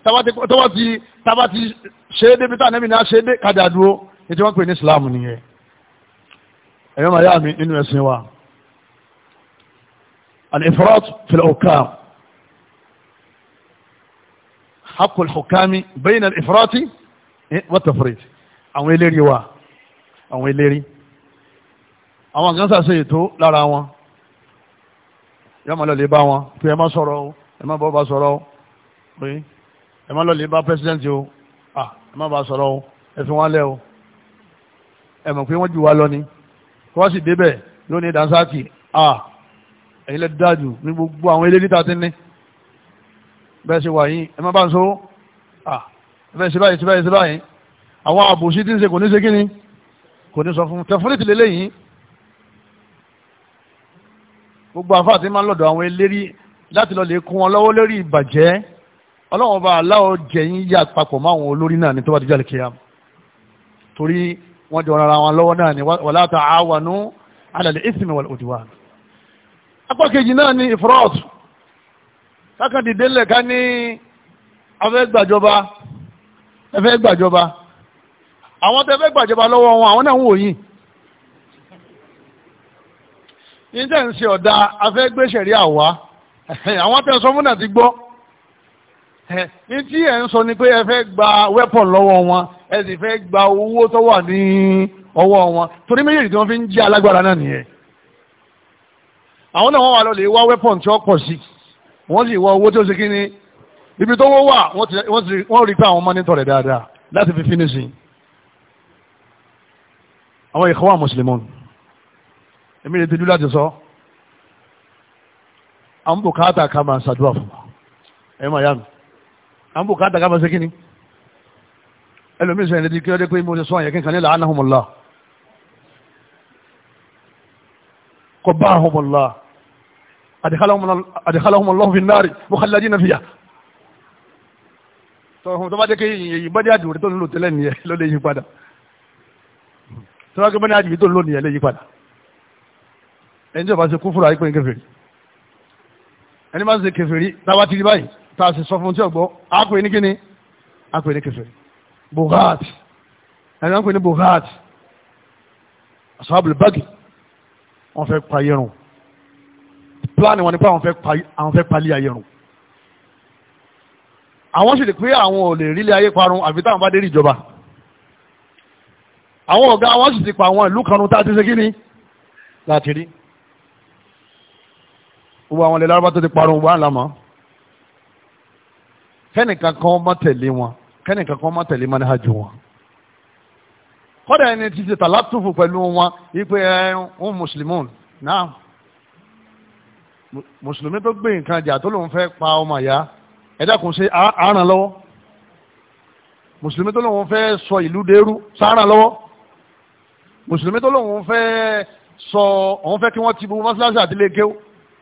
tàbá ti ṣe é débi tànábì ní a ṣe é dé kájà dúró ní tí wọ́n pè ní Islam nìyẹn ẹ̀yọ́ màá yá mi nínú ẹ̀sìn wa al-ifrat fil hukam haqqul hukami bayna al-ifrati wa tafrit àwọn eléri wa àwọn eléri àwọn kan sàṣe ètò lára wọn yóò máa lọ lè bá wọn pé ẹ má sọ̀rọ̀ o ẹ má bọ́ bá sọ̀rọ̀ o pé ẹ má lọ lè bá pẹ́sidẹ́ǹtì o à ẹ má bá sọ̀rọ̀ o ẹ fi wọn lẹ̀ o ẹ mọ̀ pé wọ́n jù wá lọ ni kí wọ́n sì débẹ̀ lónìí dansáàtì à ẹ̀yin lẹ́ dájú ní gbogbo àwọn ilé níta ti ní bẹ́ẹ̀ ṣe wà yín ẹ má bá ń so à ẹ fẹ́ ṣe báyìí ṣe àwọn àbòsí tí ń ṣe kò ní ṣe kí ni kò ní sọ fún tẹ̀fúnìtì lélẹ́yìn gbogbo àfáà tí máa ń lọ́dọ̀ àwọn eléri láti lọ lè kún wọn lọ́wọ́ lórí ìbàjẹ́ ọlọ́wọ́n bá aláwọ̀ jẹ̀yìn yà papọ̀ máwọn olórí náà ní tó bá ti jáde kíá torí wọ́n jọ rara wọn lọ́wọ́ náà ni wala ta'awanu 'ala al-ithmi wal-'udwan. apá kejì náà ni ifrat kákan dìde lẹ̀ ká ní afẹ́ gbàjọba ẹfẹ́ gbàjọba àwọn tẹ́fẹ́ gbàjọba lọ́wọ́ wọn àwọn náà ń wò yín tẹ̀ ń ṣe ọ̀dà afẹ́gbẹ́sẹ̀rí àwa àwọn tẹ̀ ń sọ fún náà ti gbọ́ ní tí ẹ̀ ń sọ ni pé ẹ fẹ́ gba weapon lọ́wọ́ wọn ẹ sì fẹ́ gba owó tó wà ní ọwọ́ wọn torí méjèèjì tí wọ́n fi ń jẹ́ alágbára náà nìyẹn àwọn náà wọ́n wà lọ́lẹ̀ wá weapon tí wọ́n pọ̀ sí wọ́n sì wá owó tó ṣe kí ni ibi tó wó wà wọ́n rí pé àwọn mọ́nítọ̀ rẹ̀ dáadáa láti fi fínísì àwọn ìkọ́wà mùsùlùmọ́nù èmi lè tẹ́jú láti sọ àwọn bùkátà ká máa ṣàdúrà fún wa ẹ máa yá mi àwọn bùkátà ká máa ṣe kíni ẹlòmíín sọ ìrètí kí ó dé pé mo ṣe sọ àyẹ̀kí kan nílà ánàhùnmọ̀lá kọ bá àhùnmọ̀lá àdìkálàhùnmọ̀lá fi náà rí mo kàlá jìnnà fìyà tọ́hún tó bá dé kéyìn èyí bá dé àdìwòrán tó ń lò tẹ́lẹ̀ nìyẹn ló lè padà tó bá bá dé àdìwòrán tó ń lò nìyẹn lè yí padà ẹni tí ọba ṣe kúfúrú àyípẹ́ ní kèfèrí ẹni bá ṣe kèfèrí táwa ti rí báyìí tá a sì sọ fún tí ọgbọ́ á pè ní kíni á pè ní kèfèrí bogart ẹni wọn pè ní bogart asábìlì báàgì wọn fẹ́ pa yẹrùn pílánì wọn ni pé àwọn fẹ́ palí ayẹrùn àwọn sì lè pé àwọn ò lè rílé ayé parun àfi táwọn bá dé rí ìjọba àwọn ọ̀gá wọn sì ti pa àwọn ìlú kanu tá a ti ṣe kí ni láti rí gbogbo àwọn ilẹ̀ lárúbá tó ti parun wà lámà kẹ́nìkan kan má tẹ̀lé wọn kẹ́nìkan kan má tẹ̀lé manhaj wọn kọ́dà ẹni ti ṣe tàlátùfù pẹ̀lú wọn wípé ẹ ń mùsùlùmí náà mùsùlùmí tó gbé nǹkan jà tó lòun fẹ́ pa ọmọ ìyá ẹ dákun ṣe àárán lọ́wọ́ mùsùlùmí tó lòun fẹ́ sọ ìlú dẹrú sáárán lọ́wọ́ mùsùlùmí tó lòun fẹ́ sọ òun fẹ́ kí wọ́n ti bu mọ́ṣáláṣí àti ilé kéwù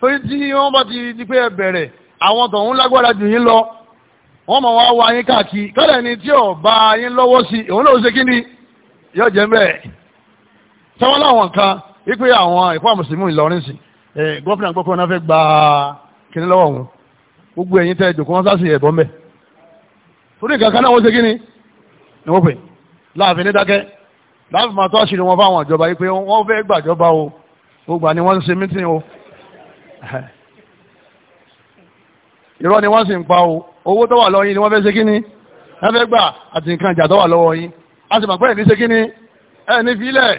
torí tí wọ́n bá ti di pé ẹ bẹ̀rẹ̀ àwọn tọ̀hún lágbára jù yín lọ wọ́n mọ̀ wá wá yín káàkiri kọ́lẹ̀ ni tí ò bá yín lọ́wọ́ sí òun náà ó ṣe kí ni yóò jẹ́ bẹ́ẹ̀ sọ́wọ́n láwọn kan wípé àwọn ìfọ́ àmùsùlùmí Ìlọrin sí gómìnà gbọ́kọ́ náà fẹ́ gba kíní lọ́wọ́ wọn gbogbo ẹ̀yin tẹ́ ìjòkó wọn sásì ẹ̀bọ́n bẹ́ẹ̀ torí nǹkan kan náà wọ́n ṣe kí ni ni wọ́n pè láàfin ní dákẹ́ láàfin máa tọ́ àṣírí wọn fáwọn ìjọba yìí pé wọ́n fẹ́ gbàjọba o gbogbo àni wọ́n ń ṣe mítìn o irọ́ ni wọ́n sì ń pa o owó tó wà ni wọ́n fẹ́ ṣe kíní wọ́n fẹ́ gbà àti nǹkan ìjà tó wà lọ́wọ́ yín a sì mọ̀ pé ẹ̀ní ṣe kíní ẹ̀ní fílẹ̀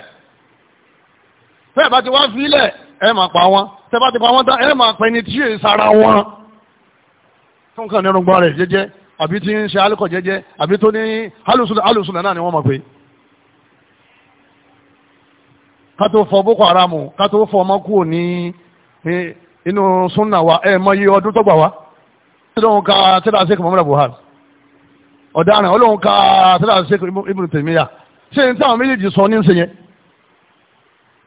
bá ti wá fílẹ̀ ẹ̀ máa pa wọ́n tẹ́ bá ti pa ni tí sara wọn fún kan rẹ̀ jẹ́jẹ́ àbí tí ń ṣe jẹ́jẹ́ àbí tó ní alùsùn náà ni wọ́n mọ̀ pé ká Boko Haram ká tó fọ ọmọ inú súnà wa ẹ mọ iye ọdún tó gbà wá ọlọ́run ka tẹ́lá sẹ́kù mọ́mọ́lá buhari ọ̀daràn ọlọ́run ka tẹ́lá sẹ́kù ibùdó tèmíyà ṣé n táwọn méjèèjì sọ ní ṣe yẹn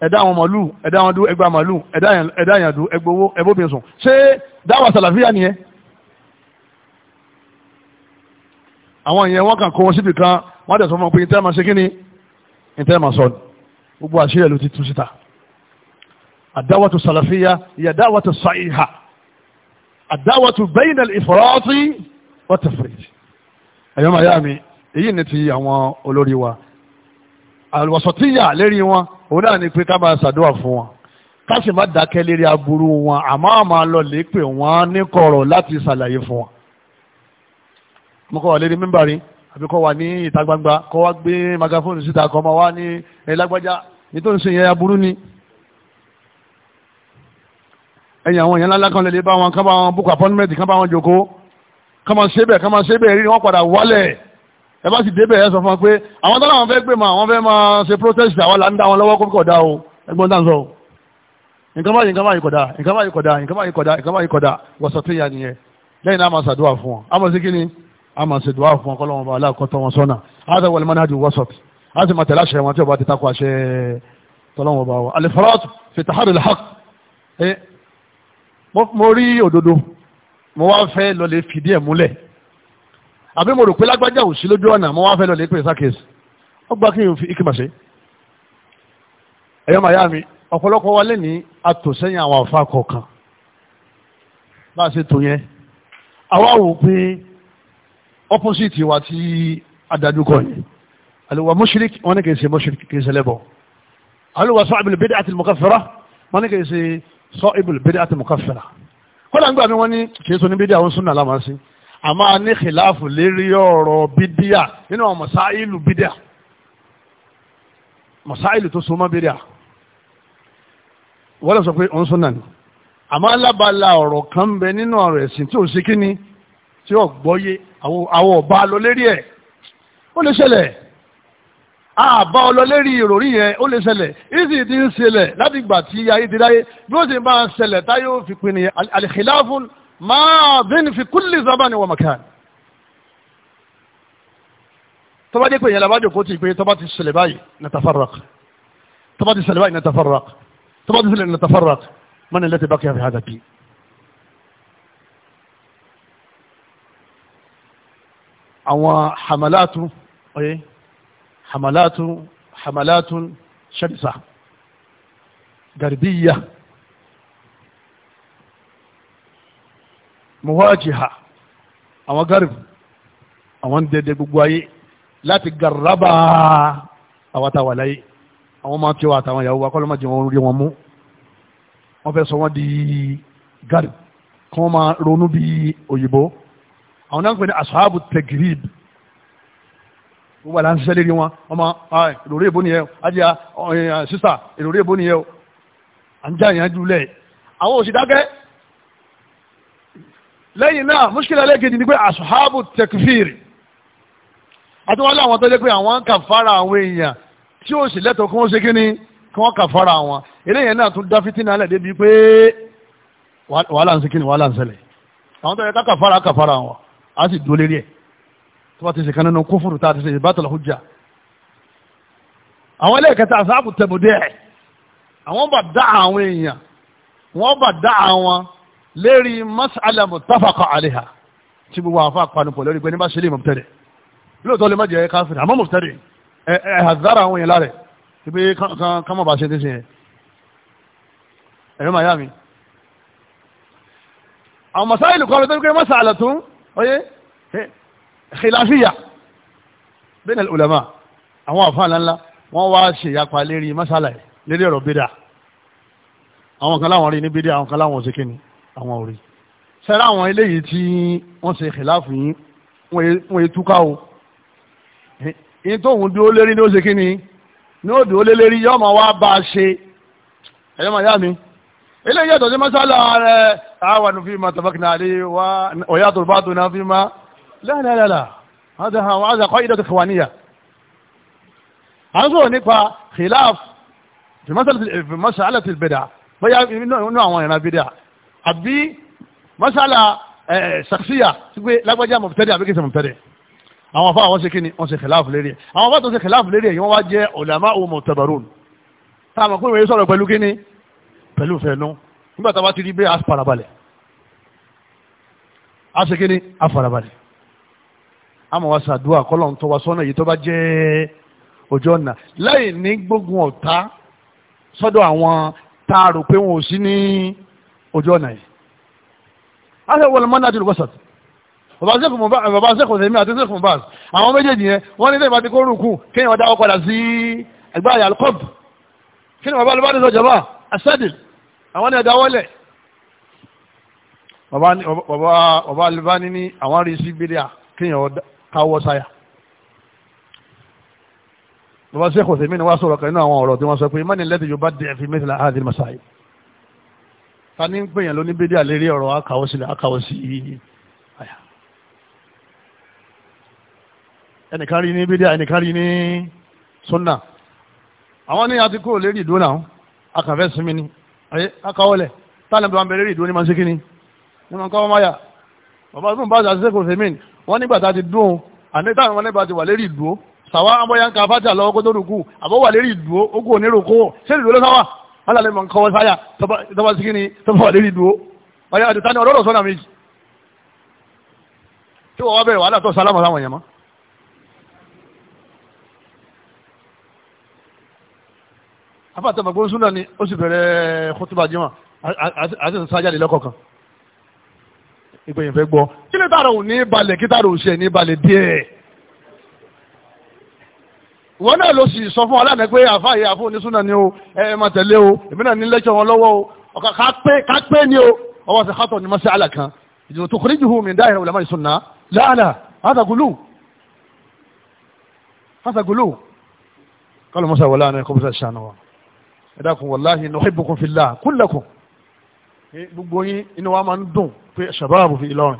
ẹ̀dá àwọn màálù ẹ̀dá àwọn dú ẹgbà màálù ẹ̀dá àyàndú ẹgbowó ẹbóbìnrin sùn ṣé dáwà sàlàfíà nìyẹn àwọn ìyẹn wọn kàn kó wọn síbi kan wọn dẹ̀ sọ fún wọn pé ìtẹ́ máa ṣe kí ni ìtẹ́ máa sọ gbogbo àṣírí ẹ̀ ló ti tú síta àdáwàtú sàlàfíà ìyàdáwàtú sàìhà àdáwàtú bayna al-ifrati wa tafrit ẹ̀yọ́ màyá mi èyí ni ti àwọn olórí wa àlùwàsọ̀tíyà lérí wọn òun náà ni pé ká máa ṣàdúrà fún wọn ká sì má dákẹ́ lérí aburú wọn àmọ́ àmọ́ lọ lè pè wọ́n ní kọ̀rọ̀ láti ṣàlàyé fún wọn. mo kọ́ wa lérí mímbà rí àbí kọ́ wa ní ìta gbangba kọ́ wa gbé magafóònù síta kọ́ ma wá ní ẹ̀lágbájá nítorí sèyí aburú ni ẹ̀yìn àwọn èèyàn ńlá kan lè bá wọn kán bá wọn book appointment kán bá wọn jókòó kán máa ṣe bẹ́ẹ̀ kán máa ṣe bẹ́ẹ̀ rí wọn padà wálẹ̀ ẹ bá sì débẹ̀ ẹ sọ fún wọn pé àwọn tó láwọn fẹ́ gbé mọ àwọn fẹ́ máa ṣe protest àwọn là ń dá wọn lọ́wọ́ kó kọ̀dá o ẹgbọ́n dáhùn sọ nǹkan báyìí nǹkan báyìí kọ̀dá nǹkan báyìí kọ̀dá nǹkan báyìí kọ̀dá nǹkan báyìí kọ̀dá wọ̀sọ̀ tó yà nìyẹn lẹ́yìn náà a máa ṣàdúrà fún wọn a máa ṣe kí ni a máa ṣàdúrà fún wọn kọ́lọ́wọ́n bá aláàkọ́tọ̀ wọn sọ́nà á sọ wọlé mọ́nà àdùn wọ́sọ̀ á sì máa tẹ̀lé àṣẹ wọn tí ọba ti takò àṣẹ tọ́lọ́wọ́n bá wọn. alifaraat fi tahari mo rí òdodo mo wá fẹ́ lọ lè fìdí ẹ̀ múlẹ̀ àbí mo rò pé lágbájá ò sí lójú ọ̀nà mo wá fẹ́ lọ lè pè sákèsì ọgbà kí n fi ikima ṣe ẹ̀yọ́ màyá mi ọ̀pọ̀lọpọ̀ wa lè atòsẹ́yìn àwọn àfa kọ̀ọ̀kan bá a ṣe tó yẹn àwa wò pé opposite wa ti adájúkọ yẹn àlùwà mushrik wọn ní kì í ṣe mushrik kì í ṣe lẹ́bọ̀ àlùwà sọ àbìlẹ̀ bẹ́ẹ̀ àti mọ̀kàfẹ́rà wọn ní kì í ṣe sọ ibùdó bídí àti mùkàfẹ́ra kọ́lá nígbà mi wọ́n ní kìí sọ ní bídí àwọn súnà láwọn sí àmọ́ a ní kìláàfù lérí ọ̀rọ̀ bídíà nínú àwọn mọ̀sáìlù bídíà mọ̀sáìlù tó so mọ́ bídíà wọ́n lọ sọ pé òun súnà ni àmọ́ alábàálà ọ̀rọ̀ kan bẹ nínú ọ̀rọ̀ ẹ̀sìn tí ò sí kíni tí ò gbọ́yé àwọ̀ ọ̀bá lọ lérí ẹ̀ ó lè ṣẹlẹ̀ àbá ọlọ́lérí ìròrí yẹn ó lè ṣẹlẹ̀ ìsì ti ń ṣẹlẹ̀ láti ìgbà tí ayé ti dáyé bí ó sì máa ṣẹlẹ̀ táyé fi pin nìyẹn al-khilafun madin fi kulli zamani wa makan. tọ́ba dé pé ìyẹn labájò kó ti pé tọ́ba ti ṣẹlẹ̀ báyìí ọ̀yẹ́ hamalatun hamalatun shamsa garbiya muwajiha àwọn garib àwọn dẹ̀dẹ̀ gbogbo ayé láti garaba àwọn tàwà láyé àwọn máa tí wà àtàwọn ìyàwó wa kọ́lọ́mà jẹ́ wọn rí wọn mú wọ́n fẹ́ sọ wọ́n di garib kí wọ́n máa ronú bí òyìnbó àwọn náà ń pè ní asahabu tegrib gbogbo àlà ń ṣiṣẹ́ lérí wọn ọmọ èròrí èbó nìyẹn ajá sísà èròrí èbó nìyẹn o à ń já ìyẹn jùlẹ̀ àwọn òsì dákẹ́ lẹ́yìn náà muskila ẹlẹ́kejì ni pé asuhabu tekfir àti wọn láwọn tó jẹ́ pé àwọn kà fara àwọn èèyàn tí ó sì lẹ́tọ̀ọ́ kí wọ́n ṣe kí kí wọ́n kà fara àwọn eléyìn náà tún dá fìtínà lẹ̀ débi pé wàhálà ń ṣe kí wàhálà ń ṣẹlẹ̀ àwọn tó yẹ ká kà fara kà fara àwọn á sì dúró lérí ẹ̀ tó bá ti ṣe kan nínú kófòrò tá a ti ṣe ìbátàlá hujja àwọn ẹlẹ́ẹ̀kẹta àṣàbù tẹ̀bùdẹ́ ẹ̀ àwọn bá dá àwọn èèyàn wọ́n bá dá àwọn lérí mas'ala muttafaqa alaiha tí gbogbo àwọn afá panupọ̀ lórí pé ní bá ṣe lè mọ̀tẹ́rẹ̀ lóòótọ́ lè má jẹ́ káfíìn àmọ́ mọ̀tẹ́rẹ̀ ẹ̀ àzára àwọn èèyàn lárẹ̀ tí pé kán mọ̀ bá ṣe ti yẹn ẹ̀rọ màá mi. àwọn masáìlì kan khilafiya bẹ́ẹ̀ ni ulama àwọn àfáàlà ńlá wọ́n wá ṣe ìyapa lérí masala yìí lérí ọ̀rọ̀ bídà àwọn kan láwọn rí ní bídà àwọn kan láwọn ṣe kíni àwọn ò rí sẹ́rà àwọn eléyìí tí wọ́n ṣe khilafu yìí wọ́n yé túká o yìí tóun dúró lérí ní ó ṣe kíni ní ó dúró lérí yọ́ máa wá bá a ṣe ẹ̀yọ́ máa yá mi eléyìí yàtọ̀ sí masala rẹ̀ àwọn ànúfíìmọ̀ tàbákìnà àdéhùn wa ọ̀yàtọ̀ bá tó náà fíìmọ̀ لا لا لا لا هذا هذا قاعدة إخوانية عنصر نقع خلاف في مسألة في مسألة البدع bóyá inú àwọn ìran bídà àbí mọ́sálà ṣàkṣíyà tí pé lágbájá mọ̀tẹ́dẹ̀ àbí kìí mọ̀tẹ́dẹ̀ àwọn afá àwọn ṣe kí ni wọ́n ṣe kìláàfù lérí ẹ̀ àwọn afá tó ṣe kìláàfù lérí ẹ̀ yìí wọ́n wá jẹ́ ọ̀làmá òun mọ̀tẹ́bàrún táàmù pé ìwé sọ̀rọ̀ pẹ̀lú kí ni pẹ̀lú fẹ̀nu nígbà tá a bá ti rí bẹ́ẹ̀ àfarabalẹ̀ a ṣe kí ni àfarabalẹ̀ àmọ́ wa ṣàdúrà kọ́lọ́n tó wa sọ́nà èyí tó bá jẹ́ ojú ọ̀nà láì ní gbógun ọ̀tá sọ́dọ̀ àwọn tá a rò pé wọn ò sí ní ojú ọ̀nà yìí. aṣọ wọlé mọ́nà àti olùwọ́sàt bàbá sẹ́kùn tèmi àti sẹ́kùn bá àwọn méjèèjì yẹn wọ́n ní sẹ́kùn àti kórùkù kéèyàn ọ̀dà ọ̀padà sí ẹgbẹ́ àyà alkọ́b kí ni bàbá alùbádé káwọ́ sáyà bàbá sẹ́kù sèmi ni wá sọ̀rọ̀ kan nínú àwọn ọ̀rọ̀ tí wọ́n sọ pé mọ́ni lẹ́tí yorùbá dẹ̀ fi mẹ́tìlá àdìr masáyì ta ní ń pèyàn lóní bídí àlérí ọ̀rọ̀ akáwọ́ sílẹ̀ akáwọ́ sí àyà ẹnìkan rí ní bídí ẹnìkan rí ní sunna àwọn ní àti kúrò lérí ìdúró akàfẹ́ sinmi ni ayé akáwọ́lẹ̀ tá lẹ́nu bí wọ́n bẹ lérí ìdúró ní máa ń sé kíni ní máa ń wọ́n nígbà a ti dún àní táwọn ọmọlẹ́bà ti wà lérí ìdúró sàwa abọ́yá ń ka fájà lọ́wọ́ kó tó rùkú àbọ̀ wà lérí ìdúró ó kú òní rùkú ṣé ìdúró ló sáwà wọ́n lálẹ́ mọ̀ nǹkan wọ́n sáyà tọ́ba sí kíni tọ́ba wà lérí ìdúró ọ̀yà àti tani ọ̀rọ̀ sọ́nà méjì tí wọ́n wá bẹ̀rẹ̀ wàhálà tó sálámà sáwọn èèyàn mọ́. afáàtàmọ̀gbọ́n súnà ni ó sì bẹ̀rẹ̀ kótóbà jimá àti sájà lè lọ́kọ̀ọ̀kan ìgbẹ̀yìn fẹ́ gbọ́ kí lè tààrà òun ní balẹ̀ kí tààrà òun ṣe ní balẹ̀ díẹ̀. ìwọ náà ló sì sọ fún aláàánú pé àfa yìí àfọ onísúná ni o ẹ máa tẹ̀lé o èmi náà ní lẹ́kṣọ̀ wọn lọ́wọ́ o ọ̀kà ká pé ni o ọwọ́ sì kátọ̀ ní mọ́sí àlà kan ìdìbò tó kọrí jùhùn mi dá ìrìn òlàmọ́ ìsúná láàlà hásàgùlù hásàgùlù kọ́lọ̀ mọ́sá wọlé àná ẹ̀kọ́ bó sá wa ẹ pé في fi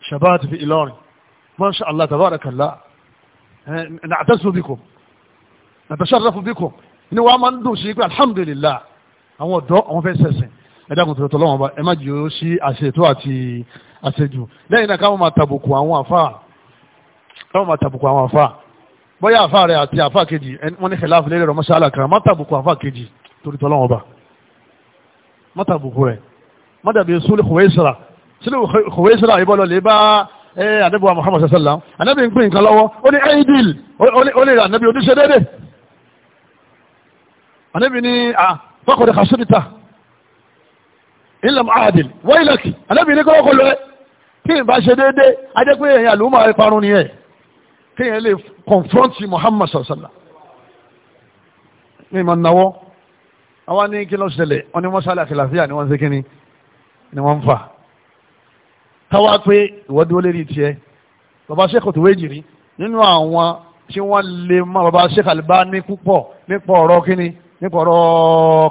شباب في fi ما شاء الله تبارك الله، نعتز بكم، نتشرف بكم، wàá máa دوسي، الحمد لله، pé دو، àwọn في àwọn fẹ́ sẹ̀sìn ẹ̀dàkùn tó tọ́lọ́ wọn bá ẹ má jì ó sí àṣetó àti àṣejù lẹ́yìn náà káwọn máa tàbùkù àwọn àfáà káwọn máa tàbùkù àwọn àfáà bóyá àfáà rẹ̀ àti àfáà kejì wọ́n ní kẹlẹ́ àfilẹ́lẹ́ rẹ̀ mọ́ṣáláà kan má tàbùkù àfáà kejì torí tọ́lọ́ wọn bá má tàbùkù rẹ̀ má dàbí sólì kòwé ìsara sílùú kòwésìlá ìbọ́lọ̀ lè bá àdẹ́bùwà Muhammad sẹ́sẹ́lá ànábì ń pín nǹkan lọ́wọ́ ó ní aidil ó lè ànábì oníṣẹ́ dédé ànábì ní àkọ́kọ̀dẹ̀ kàṣírìta ilẹ̀ adil wáyìlẹ̀kì ànábì ní kọ́kọ́ lọ ẹ kí n bá ṣe dédé a jẹ́ pé èyàn àlùmọ̀ parun ni ẹ̀ kí èyàn lè confront Muhammad sẹ́sẹ́lá ní ìmọ̀ náwọ́ àwọn ní kí ló ṣẹlẹ̀ wọ́n ní mọ́sálà kìláfíà ni wọ́n ń ṣe kíni ni wọ́n ń fà káwá pé ìwọ́dí ó lérí tiẹ̀ bàbá sẹ́kọ̀ tó wéjì rí nínú àwọn tí wọ́n lè mọ bàbá sẹ́kọ̀ àlùbá ní púpọ̀ nípa ọ̀rọ̀ kíni nípa ọ̀rọ̀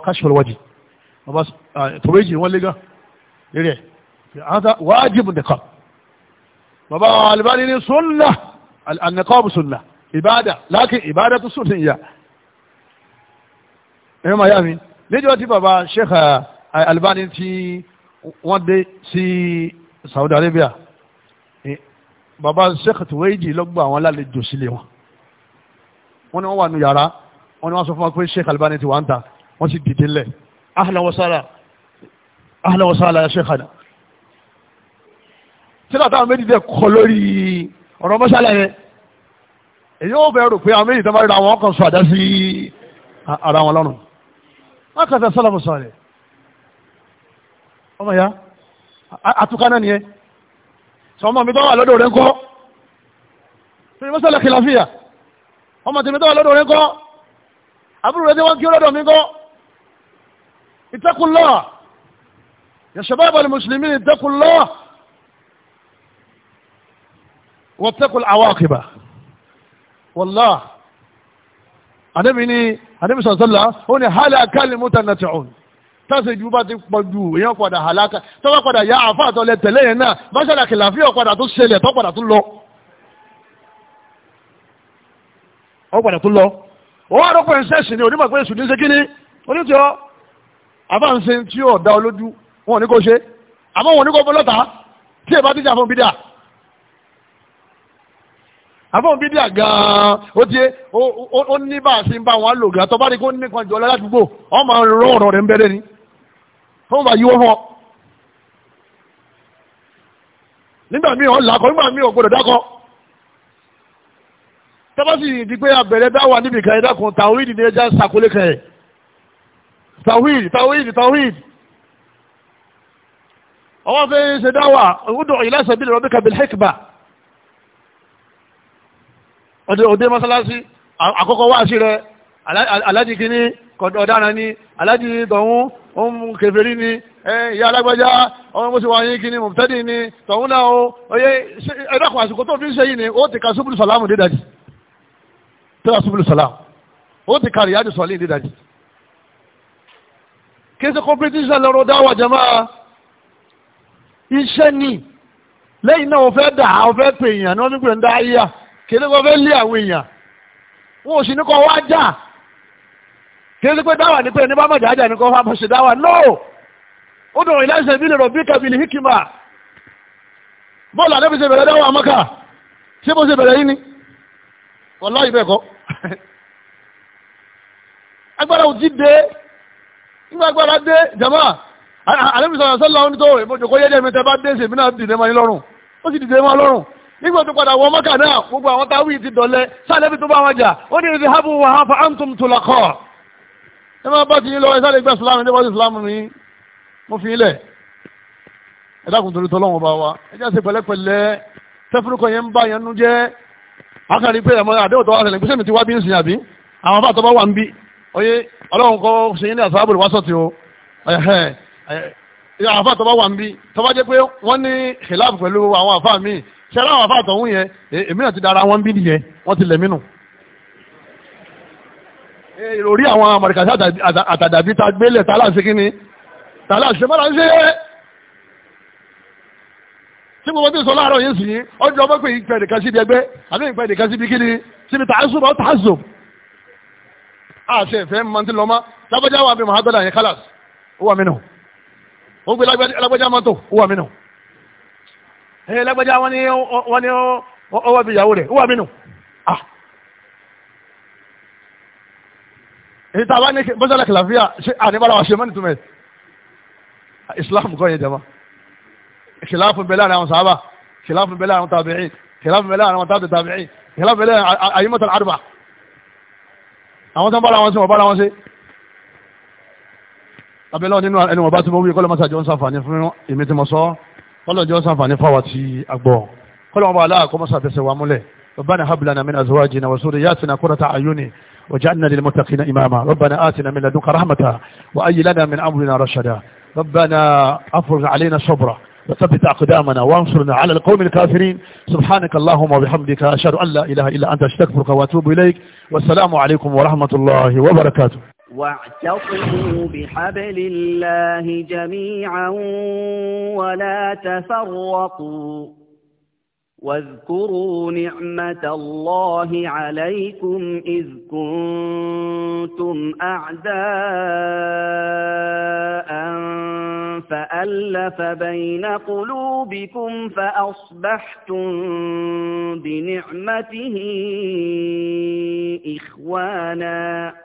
káṣíwọ̀lọ́wọ́jì bàbá tó wéjì wọ́n lé gan lérí ẹ̀ wájìbù nìkan bàbá àlùbá ní ní sunna ànìkọ́bù sunna ìbádà lákì ìbádà tó sùn níyà ẹ̀rọ màyà mi níjọ́ tí bàbá sẹ́kọ̀ àlùbá ní tí wọ́n dé sí Saudi Arabia bàbá Sheikh Tuwaiji lọ́gbà àwọn alálejò sílé wọn wọ́n ní wọ́n wà ní yàrá wọ́n ní wọ́n sọ fún wọn pé Sheikh Albani ti wà ń ta wọ́n sì dìde lẹ̀ ahlan wa sahlan ahlan wa sahlan ya Sheikhana sílẹ̀ àtàwọn méjì dẹ̀ kọ lórí ọ̀rọ̀ mọ́ṣálẹ̀ yẹn èyí ó bẹ̀rẹ̀ pé àwọn méjì tó bá rí ra wọn sọ àdá sí ara wọn lọ́rùn wọ́n kàn sọ sọ́lá àtúká náà nìyẹn sọmọ mi tó wà lọ́dọ̀ rẹ̀ ń kọ́ fi mọ́sálà kìláfíà ọmọ tèmi tó wà lọ́dọ̀ rẹ̀ ń kọ́ àbúrò rẹ̀ tí wọ́n kí lọ́dọ̀ mi kọ́ ìtẹ́kùnlọ́ ya shabab al-muslimin ìtẹ́kùnlọ́ wọ́tẹ́kùn awaqibah wallah àdébìnrin àdébìsọ̀sọ́lá ó ní hálà kálí mútà nàtìún tọ́sí ìdìbò bá ti pọ̀ ju èèyàn padà àlákà tọ́wọ́ padà yá àfa àtọ̀lẹ̀ tẹ̀lé yẹn náà báṣẹ́lá kìláfíà padà tó ṣẹlẹ̀ tọ́ padà tó lọ. ọ padà tó lọ ó wà lọ́pọ̀ ẹ̀ńsẹ̀sì ni onímọ̀ pé sùn ní ṣe kíní onítìọ́ àbáǹsẹ̀ tí yóò dá olójú wọn ò ní kó ṣe àmọ́ wọn ò ní kó bọ́lọ́ta tí èèbá ti jà fún bídà àfọ̀n bídíà gan-an ó ti ó ní bá a ṣe ń bá wọn lò gan-an tó ni fún bá yíwọ́ fún ọ. nígbà míì ọ̀ làkọ̀ nígbà míì ò gbọdọ̀ dákọ̀. tọ́básì di pé abẹ̀rẹ̀ dáwà níbi kan ẹ̀dá kan tàwíìdì ní ẹja sàkólé kan ẹ̀. tàwíìdì tàwíìdì tàwíìdì. ọwọ́ fẹ́ ṣe dáwà ọdún ìlà sabili rabbika bil hikma. òde mọ́sálásí àkọ́kọ́ wáàsí rẹ̀ alájì kínní ọ̀daràn ni alájì dọ̀hún òun mú kèfèrí ni ìyá alágbájá ọmọ mọ́sí wa yín kíní mọ̀tẹ́dì ni tọ̀hún náà o oyè ẹ̀dàkùn àsìkò tó fi ń ṣe yìí ni ó ti ka subúlù sàlámù dídájì tẹ́lá subúlù sàlámù ó ti ka rìyájú sọ̀lì dídájì kí ṣe competition lọ́rọ̀ dáwà jẹ́mọ́ iṣẹ́ ni lẹ́yìn náà ọ̀fẹ́ dà ọ̀fẹ́ pè èèyàn ní wọ́n ní pè ń dá ayé à kí ní fẹ́ lé àwọn èèyàn wọn ò sì ní kọ́ wá jà kì í dáwà ní pé ní bá mọ̀jà ájà ní kó fáwọn ṣe dáwà no ó dùn ìlà bí lè rọ̀ bí kàbìlì bọ́ọ̀lù àdébí bẹ̀rẹ̀ dáwà mọ́kà ṣé bó ṣe bẹ̀rẹ̀ yìí ni wọ́lá ìbẹ̀ kọ́ agbára òjì dé nígbà agbára dé jama àdébí sọ̀rọ̀ sọ́lá ó tó ìbòjòkó yẹ́dẹ̀ mi tẹ́ bá dé ṣèmí náà dìde máa lọ́rùn ó sì dìde máa lọ́rùn nígbà tó padà wọ mọ́kà náà gbogbo àwọn táwí ti dọ̀lẹ́ sáà ẹ máa bá ti yín lọ ẹ sáré gbà sílámù ẹ wájú sílámù mi mo fi ilẹ̀ ẹ dákun torí tọ́lọ́wọ́n bá wa ẹ jẹ́ àti pẹ̀lẹ́pẹ̀lẹ́ tẹ́fúrúkọ yẹn ń bá yẹn nú jẹ́ akari pé ẹ̀mọ́ àdéhùn tó wà sẹ̀lẹ̀ gbèsè mi ti wá bí ń sìn àbí àwọn afáàtọ́ bá wà ń bí oyè ọlọ́run kọ́ ṣe yín ní àsáàbùrù wá sọ̀tì o àwọn afáàtọ́ bá wà ń bí tó orí àwọn amọ̀ríkàsí àtàdàbí ta gbélẹ̀ tààlà sí kíni tààlà sí mọ́ra ṣe é tí mo bá ti sọ láàárọ̀ yẹn sì yín ọjọ́ ọmọ pé ìpẹ́ nìkan síbi ẹgbẹ́ àbí ìpẹ́ nìkan síbi kíni síbi tààzù bá tààzù àṣẹ ìfẹ́ mọ́ ti lọ mọ́ lágbájá wà mí mọ́ àgbàdà yẹn kálàs ó wà mí nù ó gbé lágbájá mọ́tò ó wà mí nù ẹ lágbájá wọn ni ó wà bí ìyàwó rẹ̀ ó wà mí nù ah èyí tá a bá ní bọ́sẹ̀lẹ̀ kìláfíà ṣé àníbára wa ṣe mọ́ nítumẹ̀ islam kọ́ yẹn jama kìláfù bẹ́lẹ̀ àwọn sàhábà kìláfù bẹ́lẹ̀ àwọn tàbíìn kìláfù bẹ́lẹ̀ àwọn tàbí tàbíìn kìláfù bẹ́lẹ̀ àyímọ̀tàn àdùbà àwọn tó ń bára wọn sí wọn bára wọn sí abẹ́lẹ́ nínú ẹni wọn bá ti mọ wí kọ́lọ́ mọ́sá jọ ń sàǹfààní fún èmi tí mo sọ kọ́lọ́ jọ ń sàǹfààní fáwọn ti àgbọ̀ kọ́lọ́ wọn bá aláàkọ́ mọ́sá fẹsẹ̀ wa múlẹ̀ bàbá ni hablana min azwajina wa suriyatina qurrata ayuni وجعلنا للمتقين إماما ربنا آتنا من لدنك رحمة وأي لنا من أمرنا رشدا ربنا أفرج علينا صبرا وثبت أقدامنا وانصرنا على القوم الكافرين سبحانك اللهم وبحمدك أشهد أن لا إله إلا أنت أستغفرك وأتوب إليك والسلام عليكم ورحمة الله وبركاته واعتصموا بحبل الله جميعا ولا تفرقوا واذكروا نعمة الله عليكم إذ كنتم أعداء فألف بين قلوبكم فأصبحتم بنعمته إخواناً